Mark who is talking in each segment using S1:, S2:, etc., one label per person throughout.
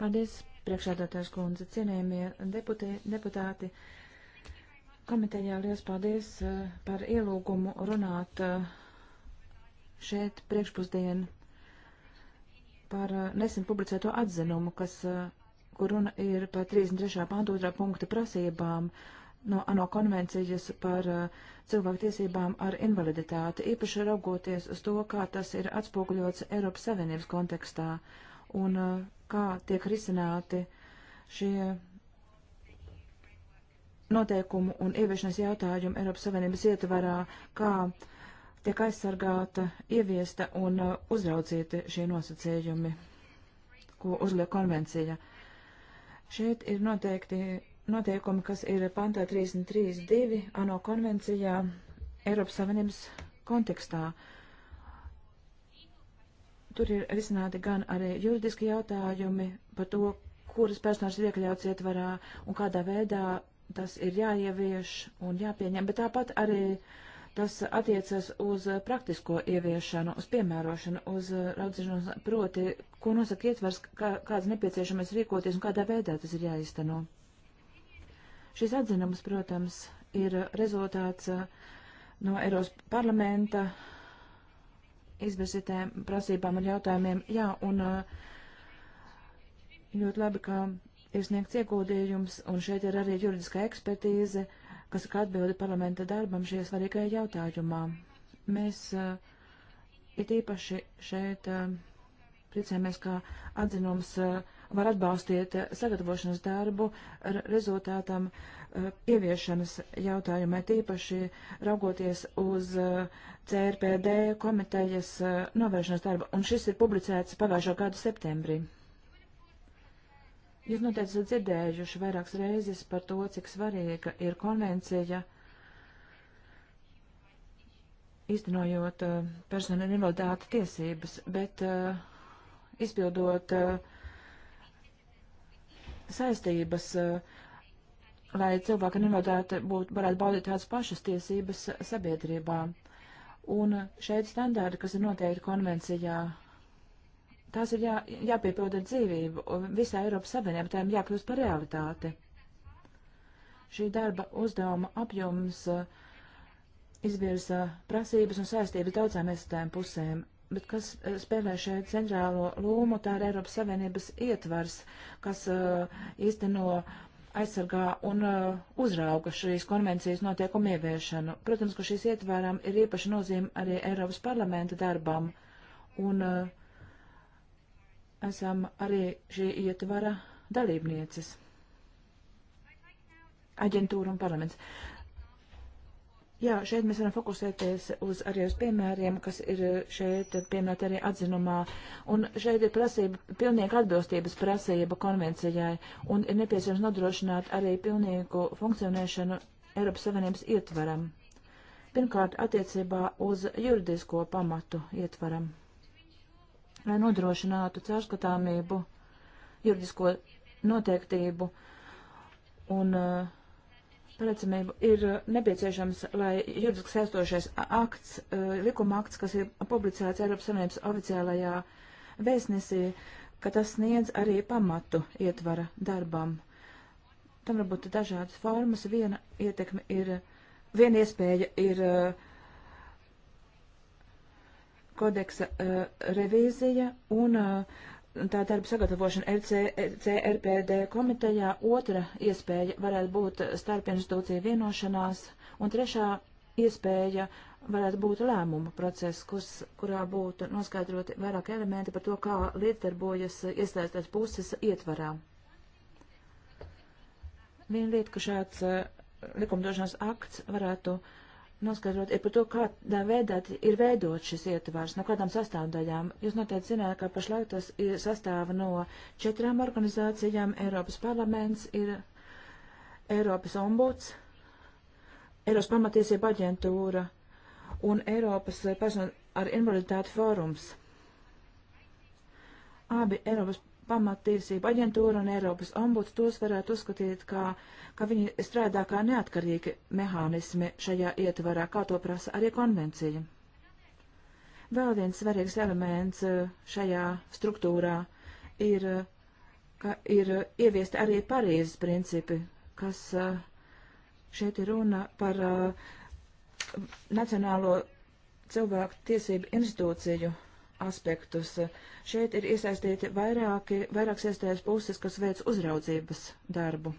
S1: Paldies, priekšādātājs kundze, cienējamie deputē, deputāti. Komitejā liels paldies eh, par ielūgumu runāt eh, šeit priekšpusdien par eh, nesen publicēto atzinumu, kas, kur runa ir par 33. pāntu otrā punkta prasībām no ANO konvencijas par cilvēku tiesībām ar invaliditāti, īpaši raugoties uz to, kā tas ir atspoguļots Eiropas Savienības kontekstā un kā tiek risināti šie noteikumu un ieviešanas jautājumu Eiropas Savienības ietvarā, kā tiek aizsargāta, ieviesta un uh, uzraudzīti šie nosacījumi, ko uzliek konvencija. Šeit ir noteikti noteikumi, kas ir pantā 33.2 ANO konvencijā Eiropas Savienības kontekstā. Uh, Tur ir risināti gan arī juridiski jautājumi par to, kuras personas ir iekļauts ietvarā un kādā veidā tas ir jāievieš un jāpieņem, bet tāpat arī tas attiecas uz praktisko ieviešanu, uz piemērošanu, uz raudzīšanos, proti, ko nosaka ietvers, kā, kāds nepieciešamais rīkoties un kādā veidā tas ir jāizteno. Šis atzinums, protams, ir rezultāts no Eiropas parlamenta izvirzītēm prasībām un jautājumiem. Jā, un ļoti labi, ka ir sniegts ieguldījums, un šeit ir arī juridiskā ekspertīze, kas ir atbildi parlamenta darbam šajā svarīgajā jautājumā. Mēs it īpaši šeit priecājamies, ka atzinums uh, var atbalstīt eh, sagatavošanas darbu rezultātam eh, ieviešanas jautājumai, tīpaši raugoties uz eh, CRPD komitejas novēršanas darbu, un šis ir publicēts pagājušā gada septembrī. Jūs noteikti esat dzirdējuši vairākas reizes par to, cik svarīga ir konvencija īstenojot personu invaliditāti tiesības, bet uh, izpildot uh, saistības, eh, lai cilvēki nenodēti būtu, varētu baudīt tādas pašas tiesības sabiedrībā. Un šeit standārti, kas ir noteikti konvencijā, tās ir jā, jāpiepilda dzīvību, un visā Eiropas Savienībā tām jākļūst par realitāti. Šī darba uzdevuma apjoms uh, izvirza prasības un saistības daudzām iestādēm pusēm. Bet kas eh, spēlē šeit centrālo lomu, tā ir Eiropas Savienības ietvars, kas uh, īsteno aizsargā un uh, uzrauga šīs konvencijas notiekumu ieviešanu. Protams, ka šīs ietvērām ir īpaša nozīme arī Eiropas parlamenta darbam, un uh, esam arī šī ietvara dalībnieces. Aģentūra un parlaments. Jā, šeit mēs varam fokusēties uz arī uz piemēriem, kas ir eh, šeit pieminēt arī atzinumā. Un šeit ir prasība, pilnīga atbilstības prasība konvencijai, un ir nepieciešams nodrošināt arī pilnīgu funkcionēšanu Eiropas Savienības ietveram. Pirmkārt, attiecībā uz juridisko pamatu ietvaram, lai nodrošinātu caurskatāmību, juridisko noteiktību un uh, paredzamību ir eh, nepieciešams, lai juridiski saistošais akts, eh, likuma akts, kas ir publicēts Eiropas Savienības oficiālajā vēstnesī, ka tas sniedz arī pamatu ietvara darbam. Tam var būt dažādas formas. Viena ietekme ir, viena iespēja ir eh, kodeksa revīzija un uh, tā darba sagatavošana CRPD komitejā, otra iespēja varētu būt starpinstitūcija vienošanās, un trešā iespēja varētu būt lēmuma process, kurs, kurā būtu noskaidroti vairāk elementi par to, kā lietdarbojas iesaistās puses ietvarā. Viena lieta, ka šāds eh, likumdošanas akts varētu uh, noskaidrot ir par to, kādā veidā ir veidot šis ietvars, no kādām sastāvdaļām. Jūs noteikti zināt, ka pašlaik tas sastāv no četrām organizācijām. Eiropas parlaments ir Eiropas ombuds, Eiropas pamatiesība aģentūra un Eiropas eh, personu ar invaliditāti fórums. Abi Eiropas pamatiesība aģentūra un Eiropas ombuds tos varētu uzskatīt, kā, ka viņi strādā kā neatkarīgi mehānismi šajā ietvarā, kā to prasa arī konvencija. Vēl viens svarīgs elements eh, šajā struktūrā ir, eh, ka ir ieviesti arī Parīzes principi, kas eh, šeit ir runa par Nacionālo cilvēku tiesību institūciju aspektus. Šeit ir iesaistīti vairāki, vairākas iestājas puses, kas veic uzraudzības darbu.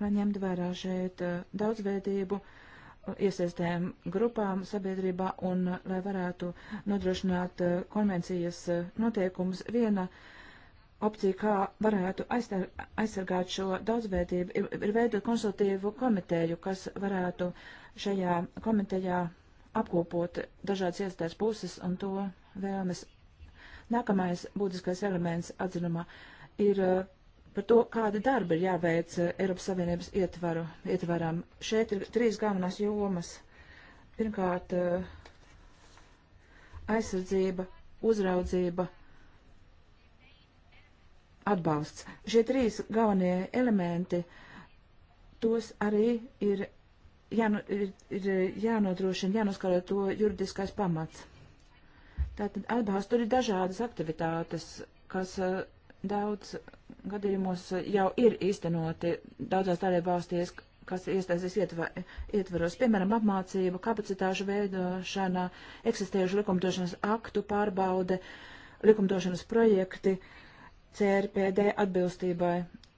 S1: Lai ņemt vērā šeit eh, daudzveidību iesaistēm grupām sabiedrībā un eh, lai varētu nodrošināt eh, konvencijas noteikumus viena opcija, kā varētu aizsargāt šo daudzveidību, ir, ir veidot konsultīvu komiteju, kas varētu šajā komitejā apkopot dažādas iestādes puses un to vēlmes. Nākamais būtiskais elements atzinumā ir uh, par to, kāda darba ir jāveic uh, Eiropas Savienības ietvaru, ietvaram. Šeit ir trīs galvenās jomas. Pirmkārt, uh, aizsardzība, uzraudzība, atbalsts. Šie trīs galvenie elementi, tos arī ir jāno, ir, ir jānodrošina, jānoskaro to juridiskais pamats. Tātad atbalsts tur ir dažādas aktivitātes, kas eh, daudz gadījumos jau ir īstenoti daudzās tādiem valstīs, kas iestāsies ietveros, piemēram, apmācība, kapacitāšu veidošana, eksistējušu likumdošanas aktu pārbaude, likumdošanas projekti, CRPD atbilstībai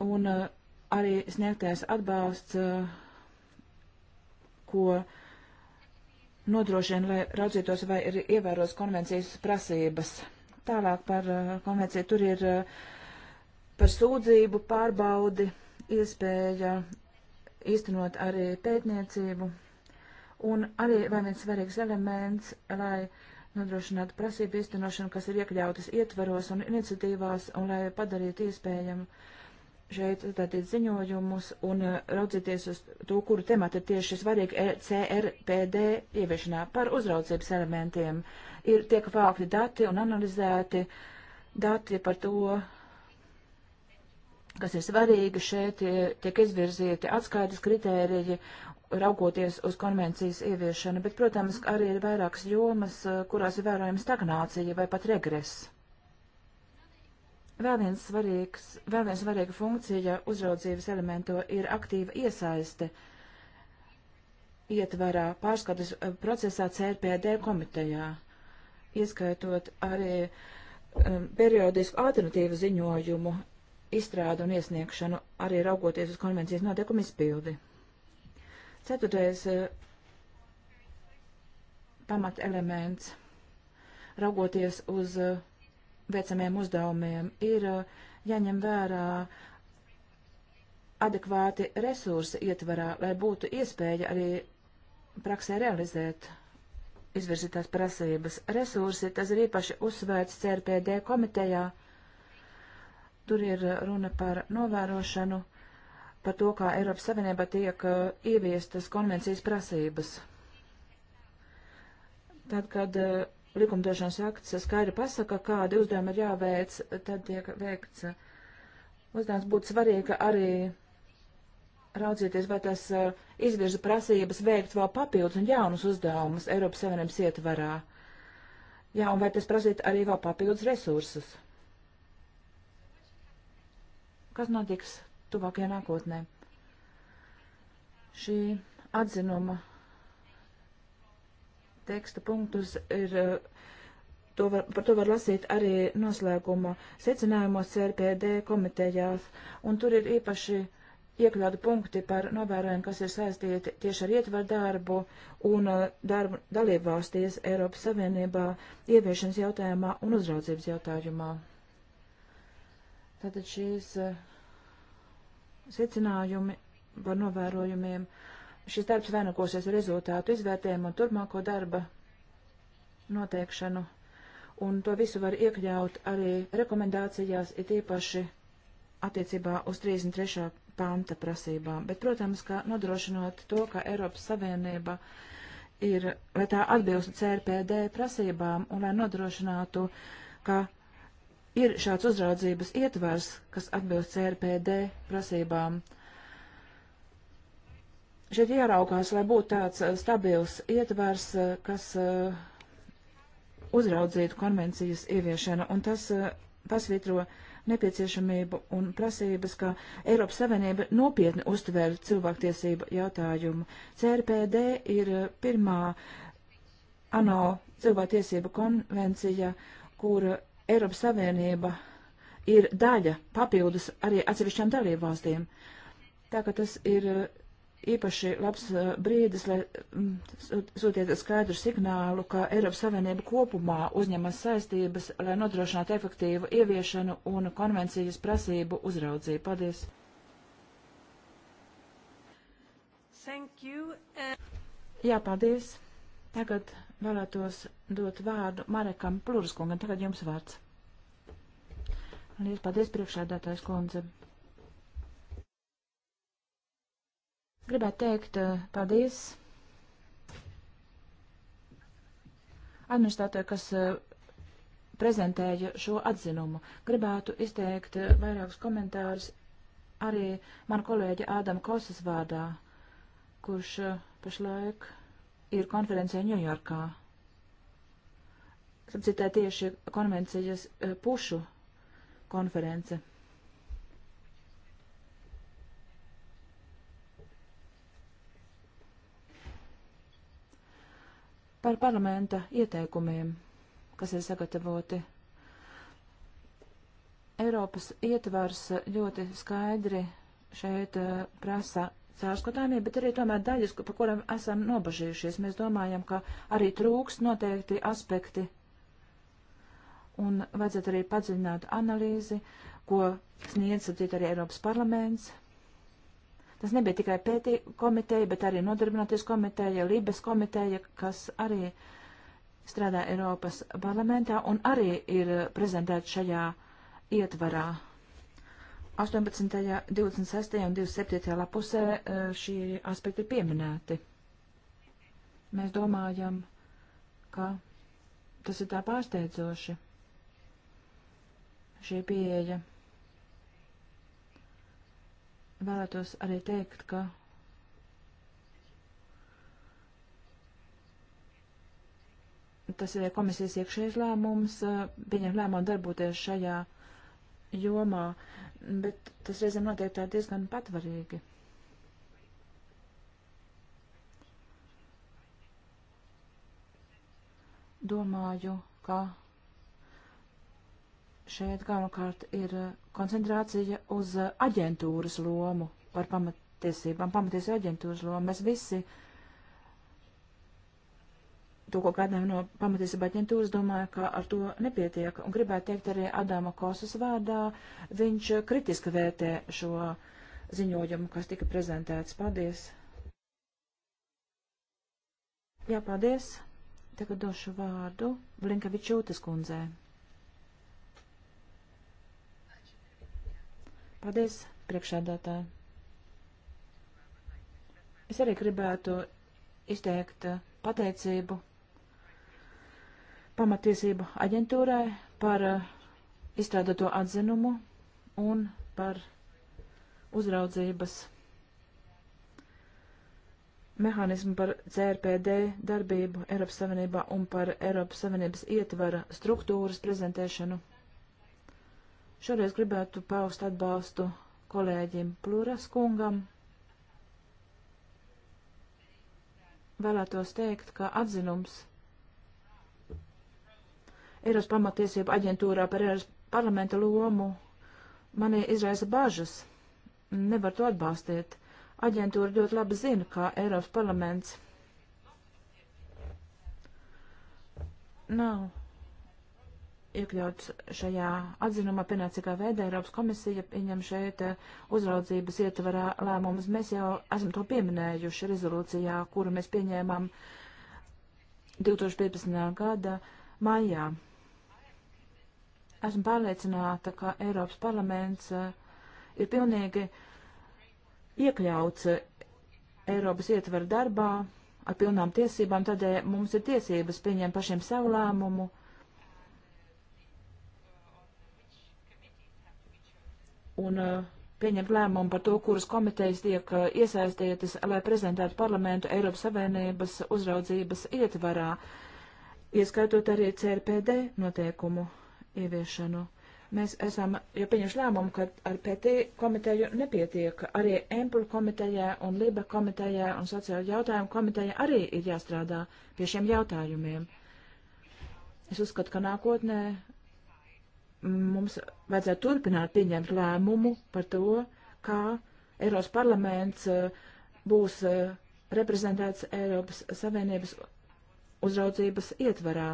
S1: un eh, arī sniegtais atbalsts uh, ko nodrošina, lai raudzītos, vai ir ievēros konvencijas prasības. Tālāk par uh, konvenciju tur ir uh, par sūdzību pārbaudi, iespēja īstenot arī pētniecību. Un arī vēl viens svarīgs elements, lai nodrošinātu prasību īstenošanu, kas ir iekļautas ietvaros un iniciatīvās, un lai padarītu iespējamu uh, šeit tātad ziņojumus un e, raudzīties uz to, kuru temata tieši svarīgi e, CRPD ieviešanā par uzraudzības elementiem. Ir tiek vākti dati un analizēti dati par to, kas ir svarīgi. Šeit e, tiek izvirzīti atskaitas kritēriji, raugoties uz konvencijas ieviešanu, bet, protams, arī ir vairākas jomas, kurās ir vērojama stagnācija vai pat regress Vēl, viens svarīgs, vēl viens svarīga funkcija uzraudzības elemento ir aktīva iesaiste ietvarā pārskatas procesā CRPD komitejā, ieskaitot arī um, periodisku alternatīvu ziņojumu izstrādu un iesniegšanu, arī raugoties uz konvencijas notiekumu izpildi. Ceturtais uh, pamat elements, raugoties uz uh, veicamiem uzdevumiem, ir uh, jāņem vērā adekvāti resursi ietvarā, lai būtu iespēja arī praksē realizēt izvirzītās prasības. Resursi, tas ir īpaši uzsvērts CRPD komitejā. Tur ir runa par novērošanu, par to, kā Eiropas Savienībā tiek uh, ieviestas konvencijas prasības. Tad, kad uh, likumdošanas akts skaidri pasaka, kādi uzdevumi ir jāveic, tad tiek veikts. Uzdevums būtu svarīgi arī raudzīties, vai tas eh, izvirza prasības veikt vēl papildus un jaunus uzdevumus Eiropas Savienības ietvarā. Jā, un vai tas prasītu arī vēl papildus resursus? Kas notiks tuvākajā nākotnē? Šī atzinuma teksta punktus ir. Eh, to var, par to var lasīt arī noslēguma secinājumos CRPD komitejās, un tur ir īpaši iekļauti punkti par novērojumu, kas ir saistīti tieši ar ietvaru darbu un eh, darbu dalību valstīs Eiropas Savienībā ieviešanas jautājumā un uzraudzības jautājumā. Tātad šīs eh, secinājumi par novērojumiem šis darbs vainagosies ar rezultātu izvērtējumu un turpmāko darba noteikšanu. Un to visu var iekļaut arī rekomendācijās, it īpaši attiecībā uz 33. panta prasībām. Bet, protams, kā nodrošinot to, ka Eiropas Savienība ir, lai tā atbilst CRPD prasībām un lai nodrošinātu, ka ir šāds uzraudzības ietvars, kas atbilst CRPD prasībām. Uh, šeit jāraugās, lai būtu tāds eh, stabils ietvars, eh, kas eh, uzraudzītu konvencijas ieviešanu, un tas pasvitro nepieciešamību un prasības, ka Eiropas Savienība nopietni uztver cilvēktiesību jautājumu. CRPD ir pirmā ANO cilvēktiesība konvencija, kur Eiropas Savienība ir daļa papildus arī atsevišķām dalībvalstīm. Tā ka tas ir īpaši labs eh, brīdis, lai mm, sūtiet skaidru signālu, ka Eiropas Savienība kopumā uzņemas saistības, lai nodrošinātu efektīvu ieviešanu un konvencijas prasību uzraudzību. Paldies!
S2: Thank you. Eh.
S1: Jā, paldies. Tagad vēlētos dot vārdu Marekam Pluriskungam. Tagad jums vārds. Paldies, priekšādātājs kundze. Gribētu teikt eh, paldies administratori, kas eh, prezentēja šo atzinumu. Gribētu izteikt eh, vairākus komentārus arī manu kolēģi Ādama Kosas vārdā, kurš pašlaik ir konferencē Ņujorkā. Sapcitē tieši konvencijas pušu konference. par parlamenta ieteikumiem, kas ir sagatavoti. Eiropas ietvars ļoti skaidri šeit eh, prasa caurskatāmību, bet arī tomēr daļas, par kurām esam nobažījušies. Mēs domājam, ka arī trūks noteikti aspekti un vajadzētu arī padziļināt analīzi, ko sniedz arī Eiropas parlaments Tas nebija tikai pētī komiteja, bet arī nodarbinoties komiteja, Lībes komiteja, kas arī strādā Eiropas parlamentā un arī ir prezentēta šajā ietvarā. 18., 26. un 27. lapusē e, šī aspekti ir pieminēti. Mēs domājam, ka tas ir tā pārsteidzoši. Šī pieeja vēlētos arī teikt, ka tas ir komisijas iekšējais lēmums, pieņem lēmumu darboties šajā jomā, bet tas reizēm notiek tā diezgan patvarīgi. Domāju, ka šeit galvenokārt ir eh, koncentrācija uz eh, aģentūras lomu par pamatiesībām, pamatiesību aģentūras lomu. Mēs visi to, ko gaidām no pamatiesība aģentūras, domāju, ka ar to nepietiek. Un gribētu teikt arī Adama Kosas vārdā, viņš eh, kritiski vērtē šo ziņojumu, kas tika prezentēts. Paldies! Jā, paldies! Tagad došu vārdu Blinkevičūtas kundzei. Paldies, priekšādātāji. Es arī gribētu izteikt pateicību pamatiesību aģentūrai par eh, izstrādāto atzinumu un par uzraudzības mehānismu par CRPD darbību Eiropas Savienībā un par Eiropas Savienības ietvara struktūras prezentēšanu Šoreiz gribētu paust atbalstu kolēģim Pluras kungam. Vēlētos teikt, ka atzinums Eiros pamatiesība aģentūrā par Eiros parlamenta lomu mani izraisa bažas. Nevar to atbalstīt. Aģentūra ļoti labi zina, kā Eiropas parlaments nav iekļauts šajā atzinumā pienācīgā veidā. Eiropas komisija pieņem šeit eh, uzraudzības ietvarā lēmumus. Mēs jau esam to pieminējuši rezolūcijā, kuru mēs pieņēmām 2015. gada maijā. Esmu pārliecināta, ka Eiropas parlaments eh, ir pilnīgi iekļauts Eiropas ietvaru darbā ar pilnām tiesībām, tādēļ mums ir tiesības pieņemt pašiem savu lēmumu. Mm un uh, pieņemt lēmumu par to, kuras komitejas tiek uh, iesaistītas, lai prezentētu parlamentu Eiropas Savienības uzraudzības ietvarā, ieskaitot arī CRPD noteikumu ieviešanu. Mēs esam jau pieņemši lēmumu, ka ar PT komiteju nepietiek. Arī Empul komitejā un Liba komitejā un sociāla jautājuma komitejā arī ir jāstrādā pie šiem jautājumiem. Es uzskatu, ka nākotnē mums vajadzētu turpināt pieņemt lēmumu par to, kā Eiropas parlaments eh, būs eh, reprezentēts Eiropas Savienības uzraudzības ietvarā.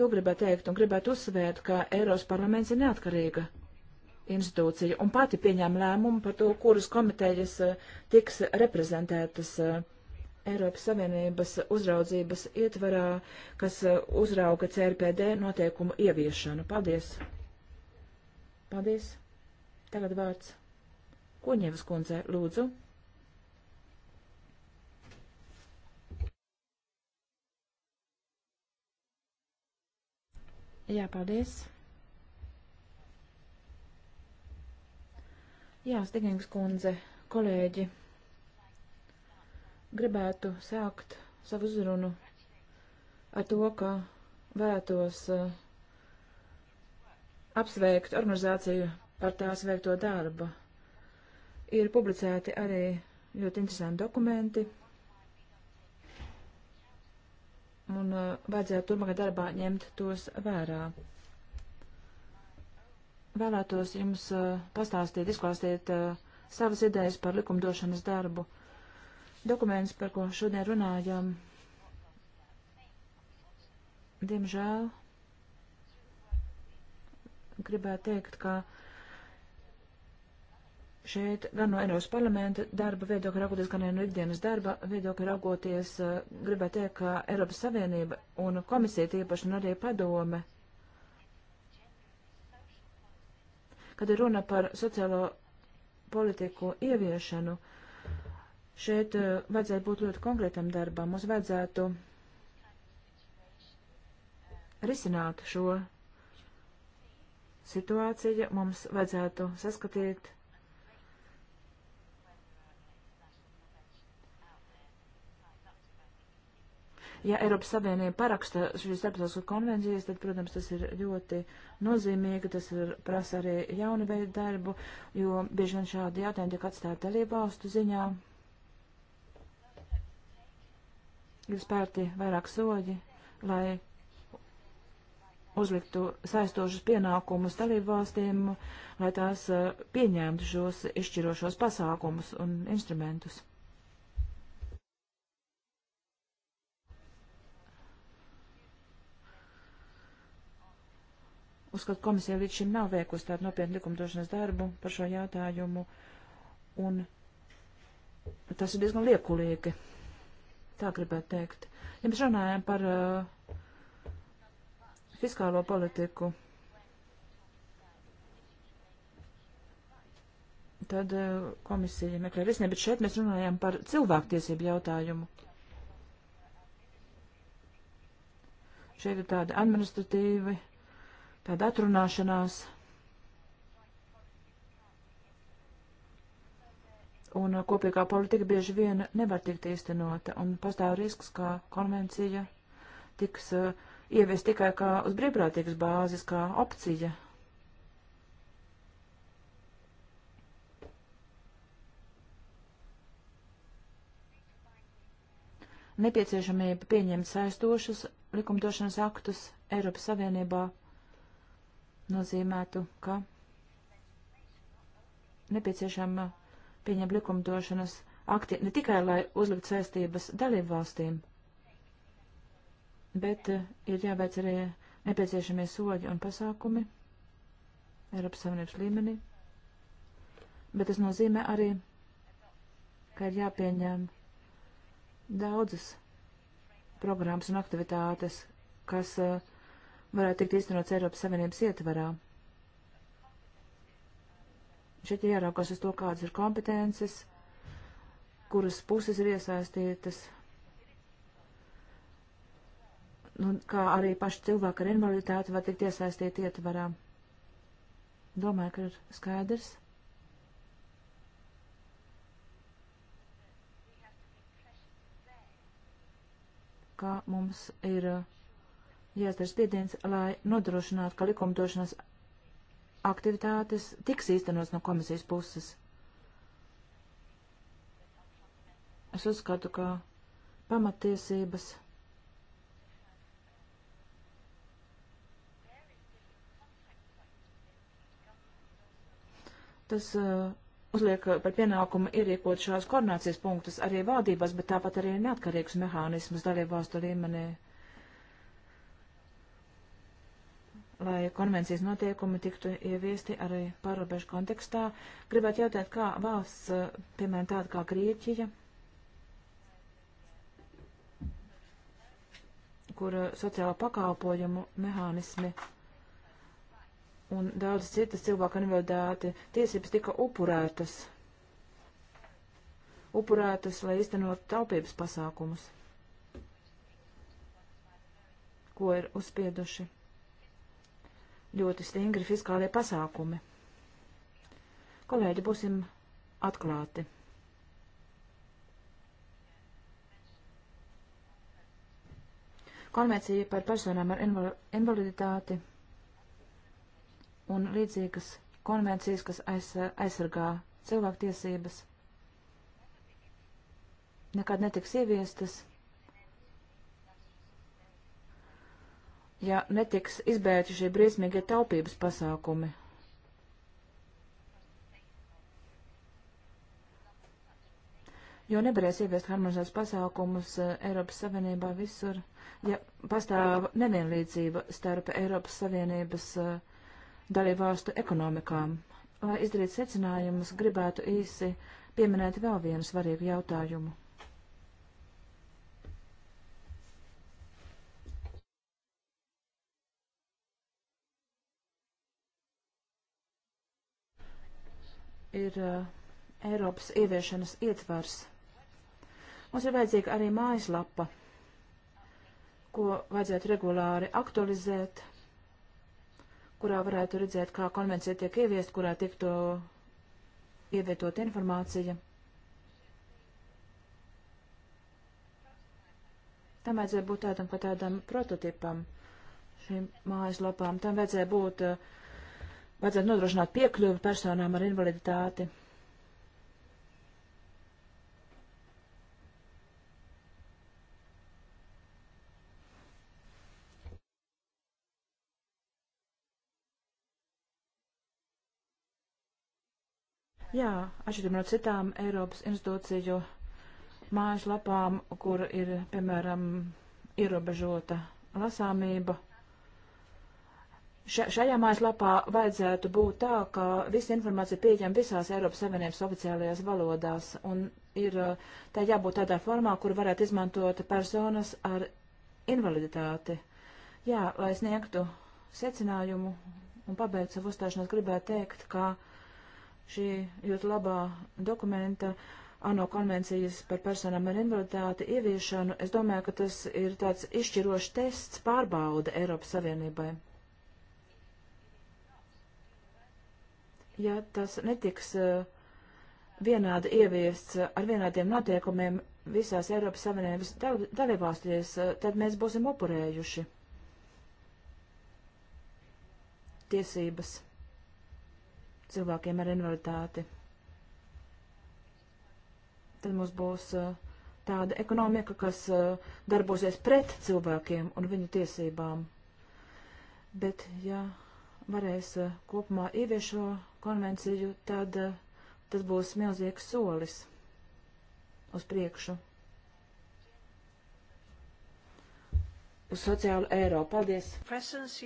S1: To gribētu teikt un gribētu uzsvērt, ka Eiropas parlaments ir neatkarīga institūcija un pati pieņēma lēmumu par to, kuras komitejas eh, tiks reprezentētas Eiropas Savienības uzraudzības ietvarā, kas uzrauga CRPD noteikumu ieviešanu. Paldies! Paldies. Tagad vārds. Kuņevas kundze, lūdzu. Jā, paldies. Jā, Stigings kundze, kolēģi, gribētu sākt savu uzrunu ar to, ka vētos uh, apsveikt organizāciju par tās veikto darbu. Ir publicēti arī ļoti interesanti dokumenti, un uh, vajadzētu turpmākajā darbā ņemt tos vērā. Vēlētos jums uh, pastāstīt, izklāstīt uh, savas idejas par likumdošanas darbu. Dokuments, par ko šodien runājam, diemžēl gribētu teikt, ka šeit gan no Eiropas parlamenta darba viedokļa raugoties, gan no ikdienas darba viedokļa raugoties, eh, gribētu teikt, ka Eiropas Savienība un komisija tiepaši un arī padome, kad ir runa par sociālo politiku ieviešanu, šeit eh, vajadzētu būt ļoti konkrētam darbam. Mums vajadzētu risināt šo situācija. Mums vajadzētu saskatīt. Ja Eiropas Savienība paraksta šīs starptautiskās konvencijas, tad, protams, tas ir ļoti nozīmīgi, tas ir prasa arī jaunu veidu darbu, jo bieži vien šādi jautājumi tiek atstāti dalību valstu ziņā. Ir spērti vairāk soļi, lai uzliktu saistošas pienākumus dalībvalstīm, lai tās eh, pieņemtu šos izšķirošos pasākumus un instrumentus. Uzskatu, komisija līdz šim nav veikusi tādu nopietnu likumdošanas darbu par šo jautājumu, un tas ir diezgan liekulīgi. Tā gribētu teikt. Ja mēs runājam par uh, fiskālo politiku, tad eh, komisija meklē risinājumu, bet šeit mēs runājam par cilvēktiesību jautājumu. Šeit ir tāda administratīva, tāda atrunāšanās. Un eh, kopīgā politika bieži vien nevar tikt īstenota, un pastāv risks, ka konvencija tiks uh, ievies tikai kā uz brīvprātīgas bāzes, kā opcija. Nepieciešamība pieņemt saistošus likumdošanas aktus Eiropas Savienībā nozīmētu, ka nepieciešama pieņemt likumdošanas akti ne tikai, lai uzlikt saistības dalību valstīm, bet eh, ir jāveic arī nepieciešamie soļi un pasākumi Eiropas Savienības līmenī. Bet tas nozīmē arī, ka ir jāpieņem daudzas programmas un aktivitātes, kas uh, varētu tikt īstenots Eiropas Savienības ietvarā. Šeit jāraukās uz to, kādas ir kompetences, kuras puses ir iesaistītas, nu, kā arī paši cilvēki ar invaliditāti var tikt iesaistīti ietvarā. Domāju, ka ir skaidrs. Kā mums ir uh, jāizdara spiediens, lai nodrošinātu, ka likumdošanas aktivitātes tiks īstenots no komisijas puses. Es uzskatu, ka pamatiesības. Tas uh, uzliek eh, par pienākumu ierīkot šās koordinācijas punktus arī valdībās, bet tāpat arī neatkarīgs mehānismus dalībvalstu līmenī, lai konvencijas noteikumi tiktu ieviesti arī pārobežu kontekstā. Gribētu jautāt, kā valsts, eh, piemēram, tāda kā Grieķija, kur sociālo pakalpojumu mehānismi un daudz citas cilvēku invaliditāti tiesības tika upurētas. Upurētas, lai iztenot taupības pasākumus, ko ir uzspieduši ļoti stingri fiskālie pasākumi. Kolēģi, būsim atklāti. Konvencija par personām ar invaliditāti. Inval un līdzīgas konvencijas, kas aizsargā cilvēktiesības, nekad netiks ieviestas, ja netiks izbēgti šie briesmīgie taupības pasākumi. Jo nevarēs ieviest harmonizētas pasākumus eh, Eiropas Savienībā visur, ja pastāv nevienlīdzība starp Eiropas Savienības uh, dalībvalstu ekonomikām. Lai izdarītu secinājumus, gribētu īsi pieminēt vēl vienu svarīgu jautājumu. Ir uh, Eiropas ieviešanas ietvars. Mums ir vajadzīga arī mājaslapa, ko vajadzētu regulāri aktualizēt, kurā varētu redzēt, kā konvencija tiek ieviest, kurā tiktu ievietot informācija. Tam vajadzēja būt tādam kā tādam prototipam šīm mājaslapām. Tam vajadzēja būt, eh, vajadzētu nodrošināt piekļuvi personām ar invaliditāti. Jā, atšķirībā no citām Eiropas institūciju mājaslapām, kur ir, piemēram, ierobežota lasāmība. Šajā mājaslapā vajadzētu būt tā, ka visa informācija pieejama visās Eiropas Savienības oficiālajās valodās, un ir tā jābūt tādā formā, kur varētu izmantot personas ar invaliditāti. Jā, lai sniegtu secinājumu un pabeigtu savu uzstāšanos, gribētu teikt, ka šī ļoti labā dokumenta ANO konvencijas par personām ar invaliditāti ieviešanu, es domāju, ka tas ir tāds izšķirošs tests pārbauda Eiropas Savienībai. Ja tas netiks eh, vienādi ieviests eh, ar vienādiem notiekumiem visās Eiropas Savienības dalībvalstīs, eh, tad mēs būsim upurējuši tiesības cilvēkiem ar invaliditāti. Tad mums būs uh, tāda ekonomika, kas uh, darbosies pret cilvēkiem un viņu tiesībām. Bet, ja varēs uh, kopumā ievies šo konvenciju, tad tas būs milzīgs solis uz priekšu.
S3: Uz sociālu Eiropu.
S1: Paldies!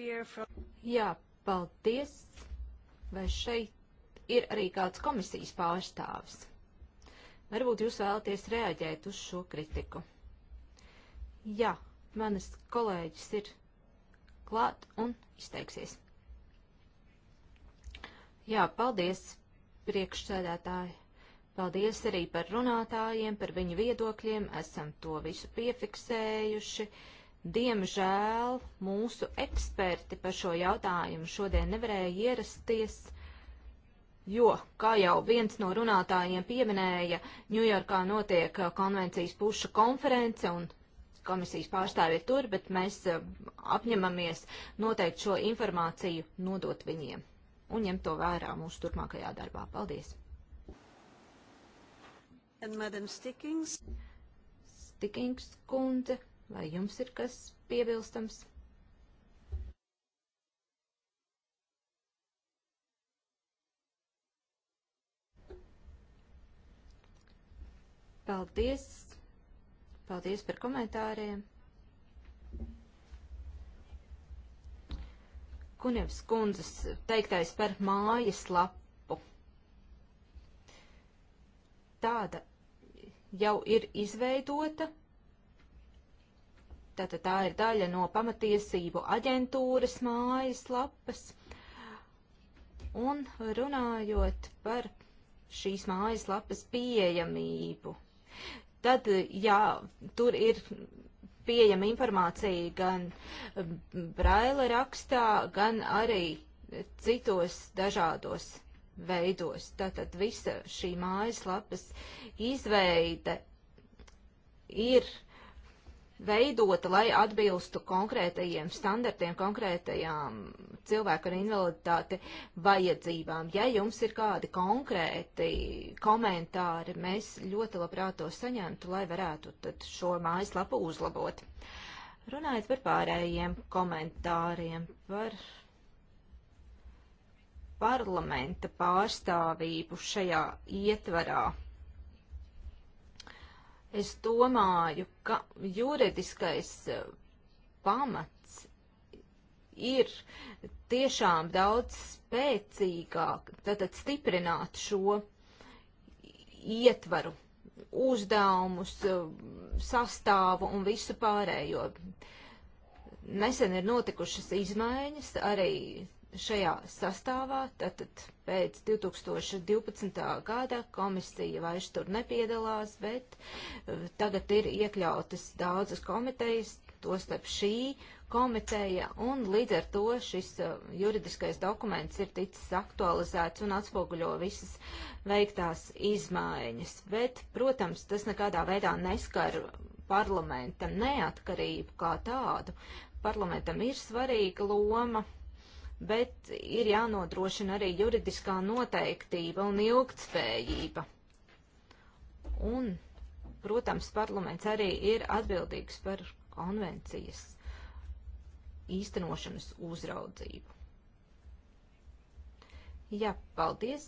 S3: Jā, paldies! vai šeit ir arī kāds komisijas pārstāvis? Varbūt jūs vēlaties reaģēt uz šo kritiku. Jā, manas kolēģis ir klāt un izteiksies. Jā, paldies, priekšsēdētāji. Paldies arī par runātājiem, par viņu viedokļiem. Esam to visu piefiksējuši. Uh, Diemžēl mūsu eksperti par šo jautājumu šodien nevarēja ierasties, jo, kā jau viens no runātājiem pieminēja, Ņujorkā notiek uh, konvencijas puša konference un komisijas pārstāvi ir tur, bet mēs uh, apņemamies noteikti šo informāciju nodot viņiem un ņemt to vērā mūsu turpmākajā darbā. Paldies! And Madam Stikings. Stikings kundze. Vai jums ir kas piebilstams? Paldies! Paldies par komentāriem! Kunevs kundzes teiktais par mājas lapu. Tāda jau ir izveidota Tātad tā ir daļa no pamatiesību aģentūras mājas lapas. Un runājot par šīs mājas lapas pieejamību, tad, jā, tur ir pieejama informācija gan um, braila rakstā, gan arī citos dažādos veidos. Tātad visa šī mājaslapas izveide ir uh, veidota, lai atbilstu konkrētajiem standartiem, konkrētajām cilvēku ar invaliditāti vajadzībām. Ja jums ir kādi konkrēti komentāri, mēs ļoti labprāt to saņemtu, lai varētu tad šo mājaslapu uzlabot. Runājot par pārējiem komentāriem, par parlamenta pārstāvību šajā ietvarā. Es domāju, ka juridiskais e, pamats ir tiešām daudz spēcīgāk, tātad stiprināt šo ietvaru, uzdevumus, e, sastāvu un visu pārējo. Nesen ir notikušas izmaiņas arī šajā sastāvā, tātad pēc 2012. gada komisija vairs tur nepiedalās, bet uh, tagad ir iekļautas daudzas komitejas, tostarp šī komiteja, un līdz ar to šis uh, juridiskais dokuments ir ticis aktualizēts un atspoguļo visas veiktās izmaiņas. Bet, protams, tas nekādā veidā neskar parlamenta neatkarību kā tādu. Parlamentam ir svarīga loma bet ir jānodrošina arī juridiskā noteiktība un ilgtspējība. Un, protams, parlaments arī ir atbildīgs par konvencijas īstenošanas uzraudzību. Jā, paldies!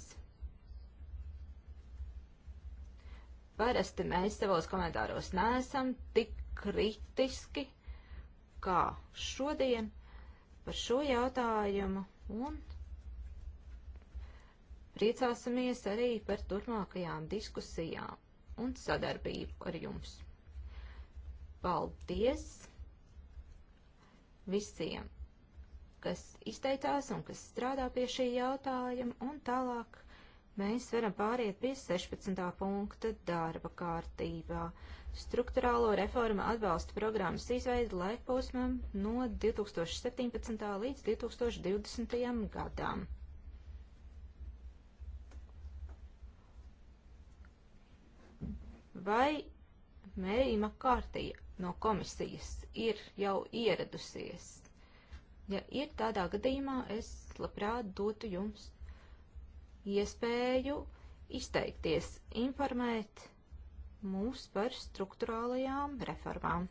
S3: Parasti mēs savos komentāros neesam tik kritiski kā šodien par šo jautājumu un priecāsimies arī par turpmākajām diskusijām un sadarbību ar jums. Paldies visiem, kas izteicās un kas strādā pie šī jautājuma, un tālāk mēs varam pāriet pie 16. punkta darba kārtībā strukturālo reformu atbalsta programmas izveidi laikposmam no 2017. līdz 2020. gadām. Vai Mērījuma kārtīja no komisijas ir jau ieradusies? Ja ir tādā gadījumā, es labprāt dotu jums iespēju izteikties, informēt mūs par struktūrālajām reformām.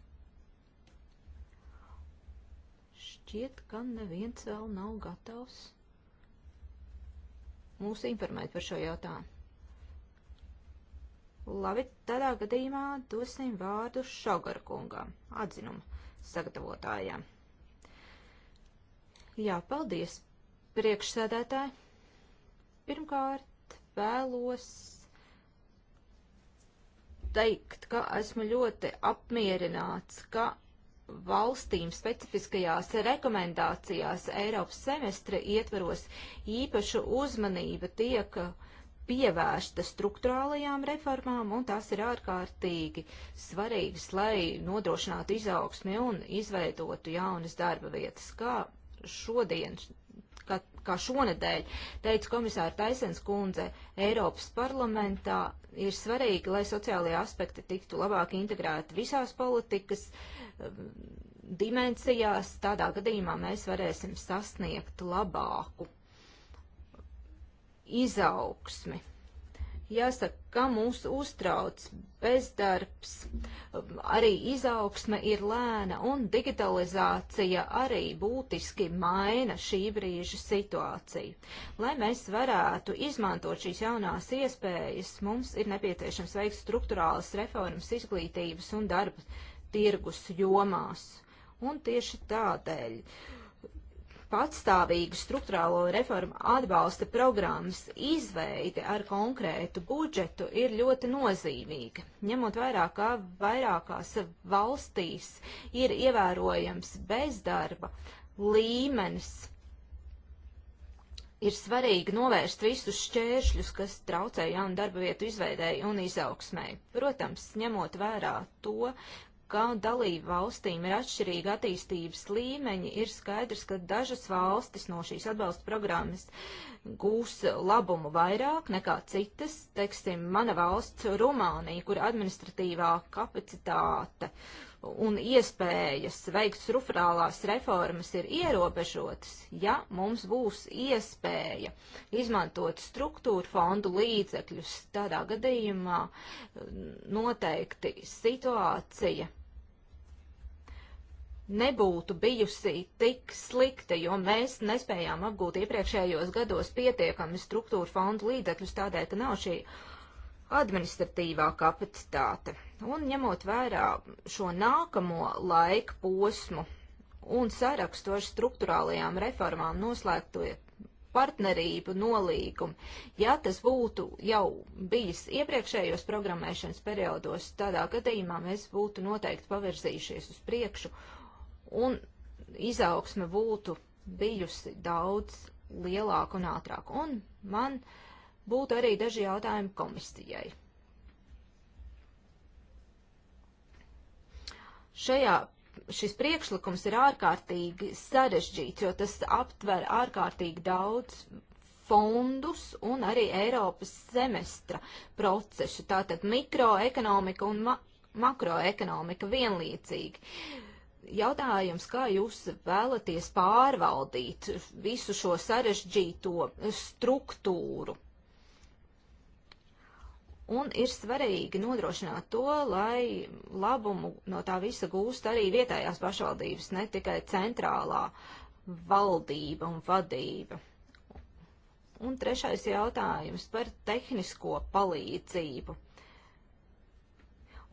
S3: Šķiet, ka neviens vēl nav gatavs mūs informēt par šo jautājumu. Labi, tādā gadījumā dosim vārdu Šogara kungam, atzinuma sagatavotājām. Jā, paldies, priekšsēdētāji. Pirmkārt, vēlos teikt, ka esmu ļoti apmierināts, ka valstīm specifiskajās rekomendācijās Eiropas semestra ietvaros īpašu uzmanība tiek pievērsta struktūrālajām reformām, un tas ir ārkārtīgi svarīgs, lai nodrošinātu izaugsmi un izveidotu jaunas darba vietas, kā šodien kā, kā šonadēļ teica komisāra Taisens kundze Eiropas parlamentā, ir svarīgi, lai sociālajie aspekti tiktu labāk integrēti visās politikas um, dimensijās. Tādā gadījumā mēs varēsim sasniegt labāku izaugsmi. Jāsaka, ka mūs uztrauc bezdarbs, um, arī izaugsme ir lēna un digitalizācija arī būtiski maina šī brīža situāciju. Lai mēs varētu izmantot šīs jaunās iespējas, mums ir nepieciešams veikt struktūrālas reformas izglītības un darba tirgus jomās. Un tieši tādēļ. Uh, patstāvīgu struktūrālo reformu atbalsta programmas izveidi ar konkrētu budžetu ir ļoti nozīmīga, ņemot vairāk, ka vairākās valstīs ir ievērojams bezdarba līmenis. Ir svarīgi novērst visus šķēršļus, kas traucē jaunu darba vietu izveidēji un izaugsmēji. Protams, ņemot vērā to, ka dalību valstīm ir atšķirīga attīstības līmeņi, ir skaidrs, ka dažas valstis no šīs atbalsta programmas gūs labumu vairāk nekā citas. Teiksim, mana valsts Rumānija, kur administratīvā kapacitāte un iespējas veikt struktūrālās reformas ir ierobežotas, ja mums būs iespēja izmantot struktūra fondu līdzekļus. Tādā gadījumā noteikti situācija nebūtu bijusi tik slikta, jo mēs nespējām apgūt iepriekšējos gados pietiekami struktūra fondu līdzekļus tādēļ, ka nav šī administratīvā kapacitāte. Un ņemot vērā šo nākamo laika posmu un sarakstu ar struktūrālajām reformām noslēgto partnerību nolīgumu, ja tas būtu jau bijis iepriekšējos programmēšanas periodos, tādā gadījumā mēs būtu noteikti pavirzījušies uz priekšu un izaugsme būtu bijusi daudz lielāka un ātrāka. Un man būtu arī daži jautājumi komisijai. Šajā šis priekšlikums ir ārkārtīgi sarežģīts, jo tas aptver ārkārtīgi daudz fondus un arī Eiropas semestra procesu, tātad mikroekonomika un ma makroekonomika vienlīdzīgi jautājums, kā jūs vēlaties pārvaldīt visu šo sarežģīto struktūru. Un ir svarīgi nodrošināt to, lai labumu no tā visa gūst arī vietējās pašvaldības, ne tikai centrālā valdība un vadība. Un trešais jautājums par tehnisko palīdzību.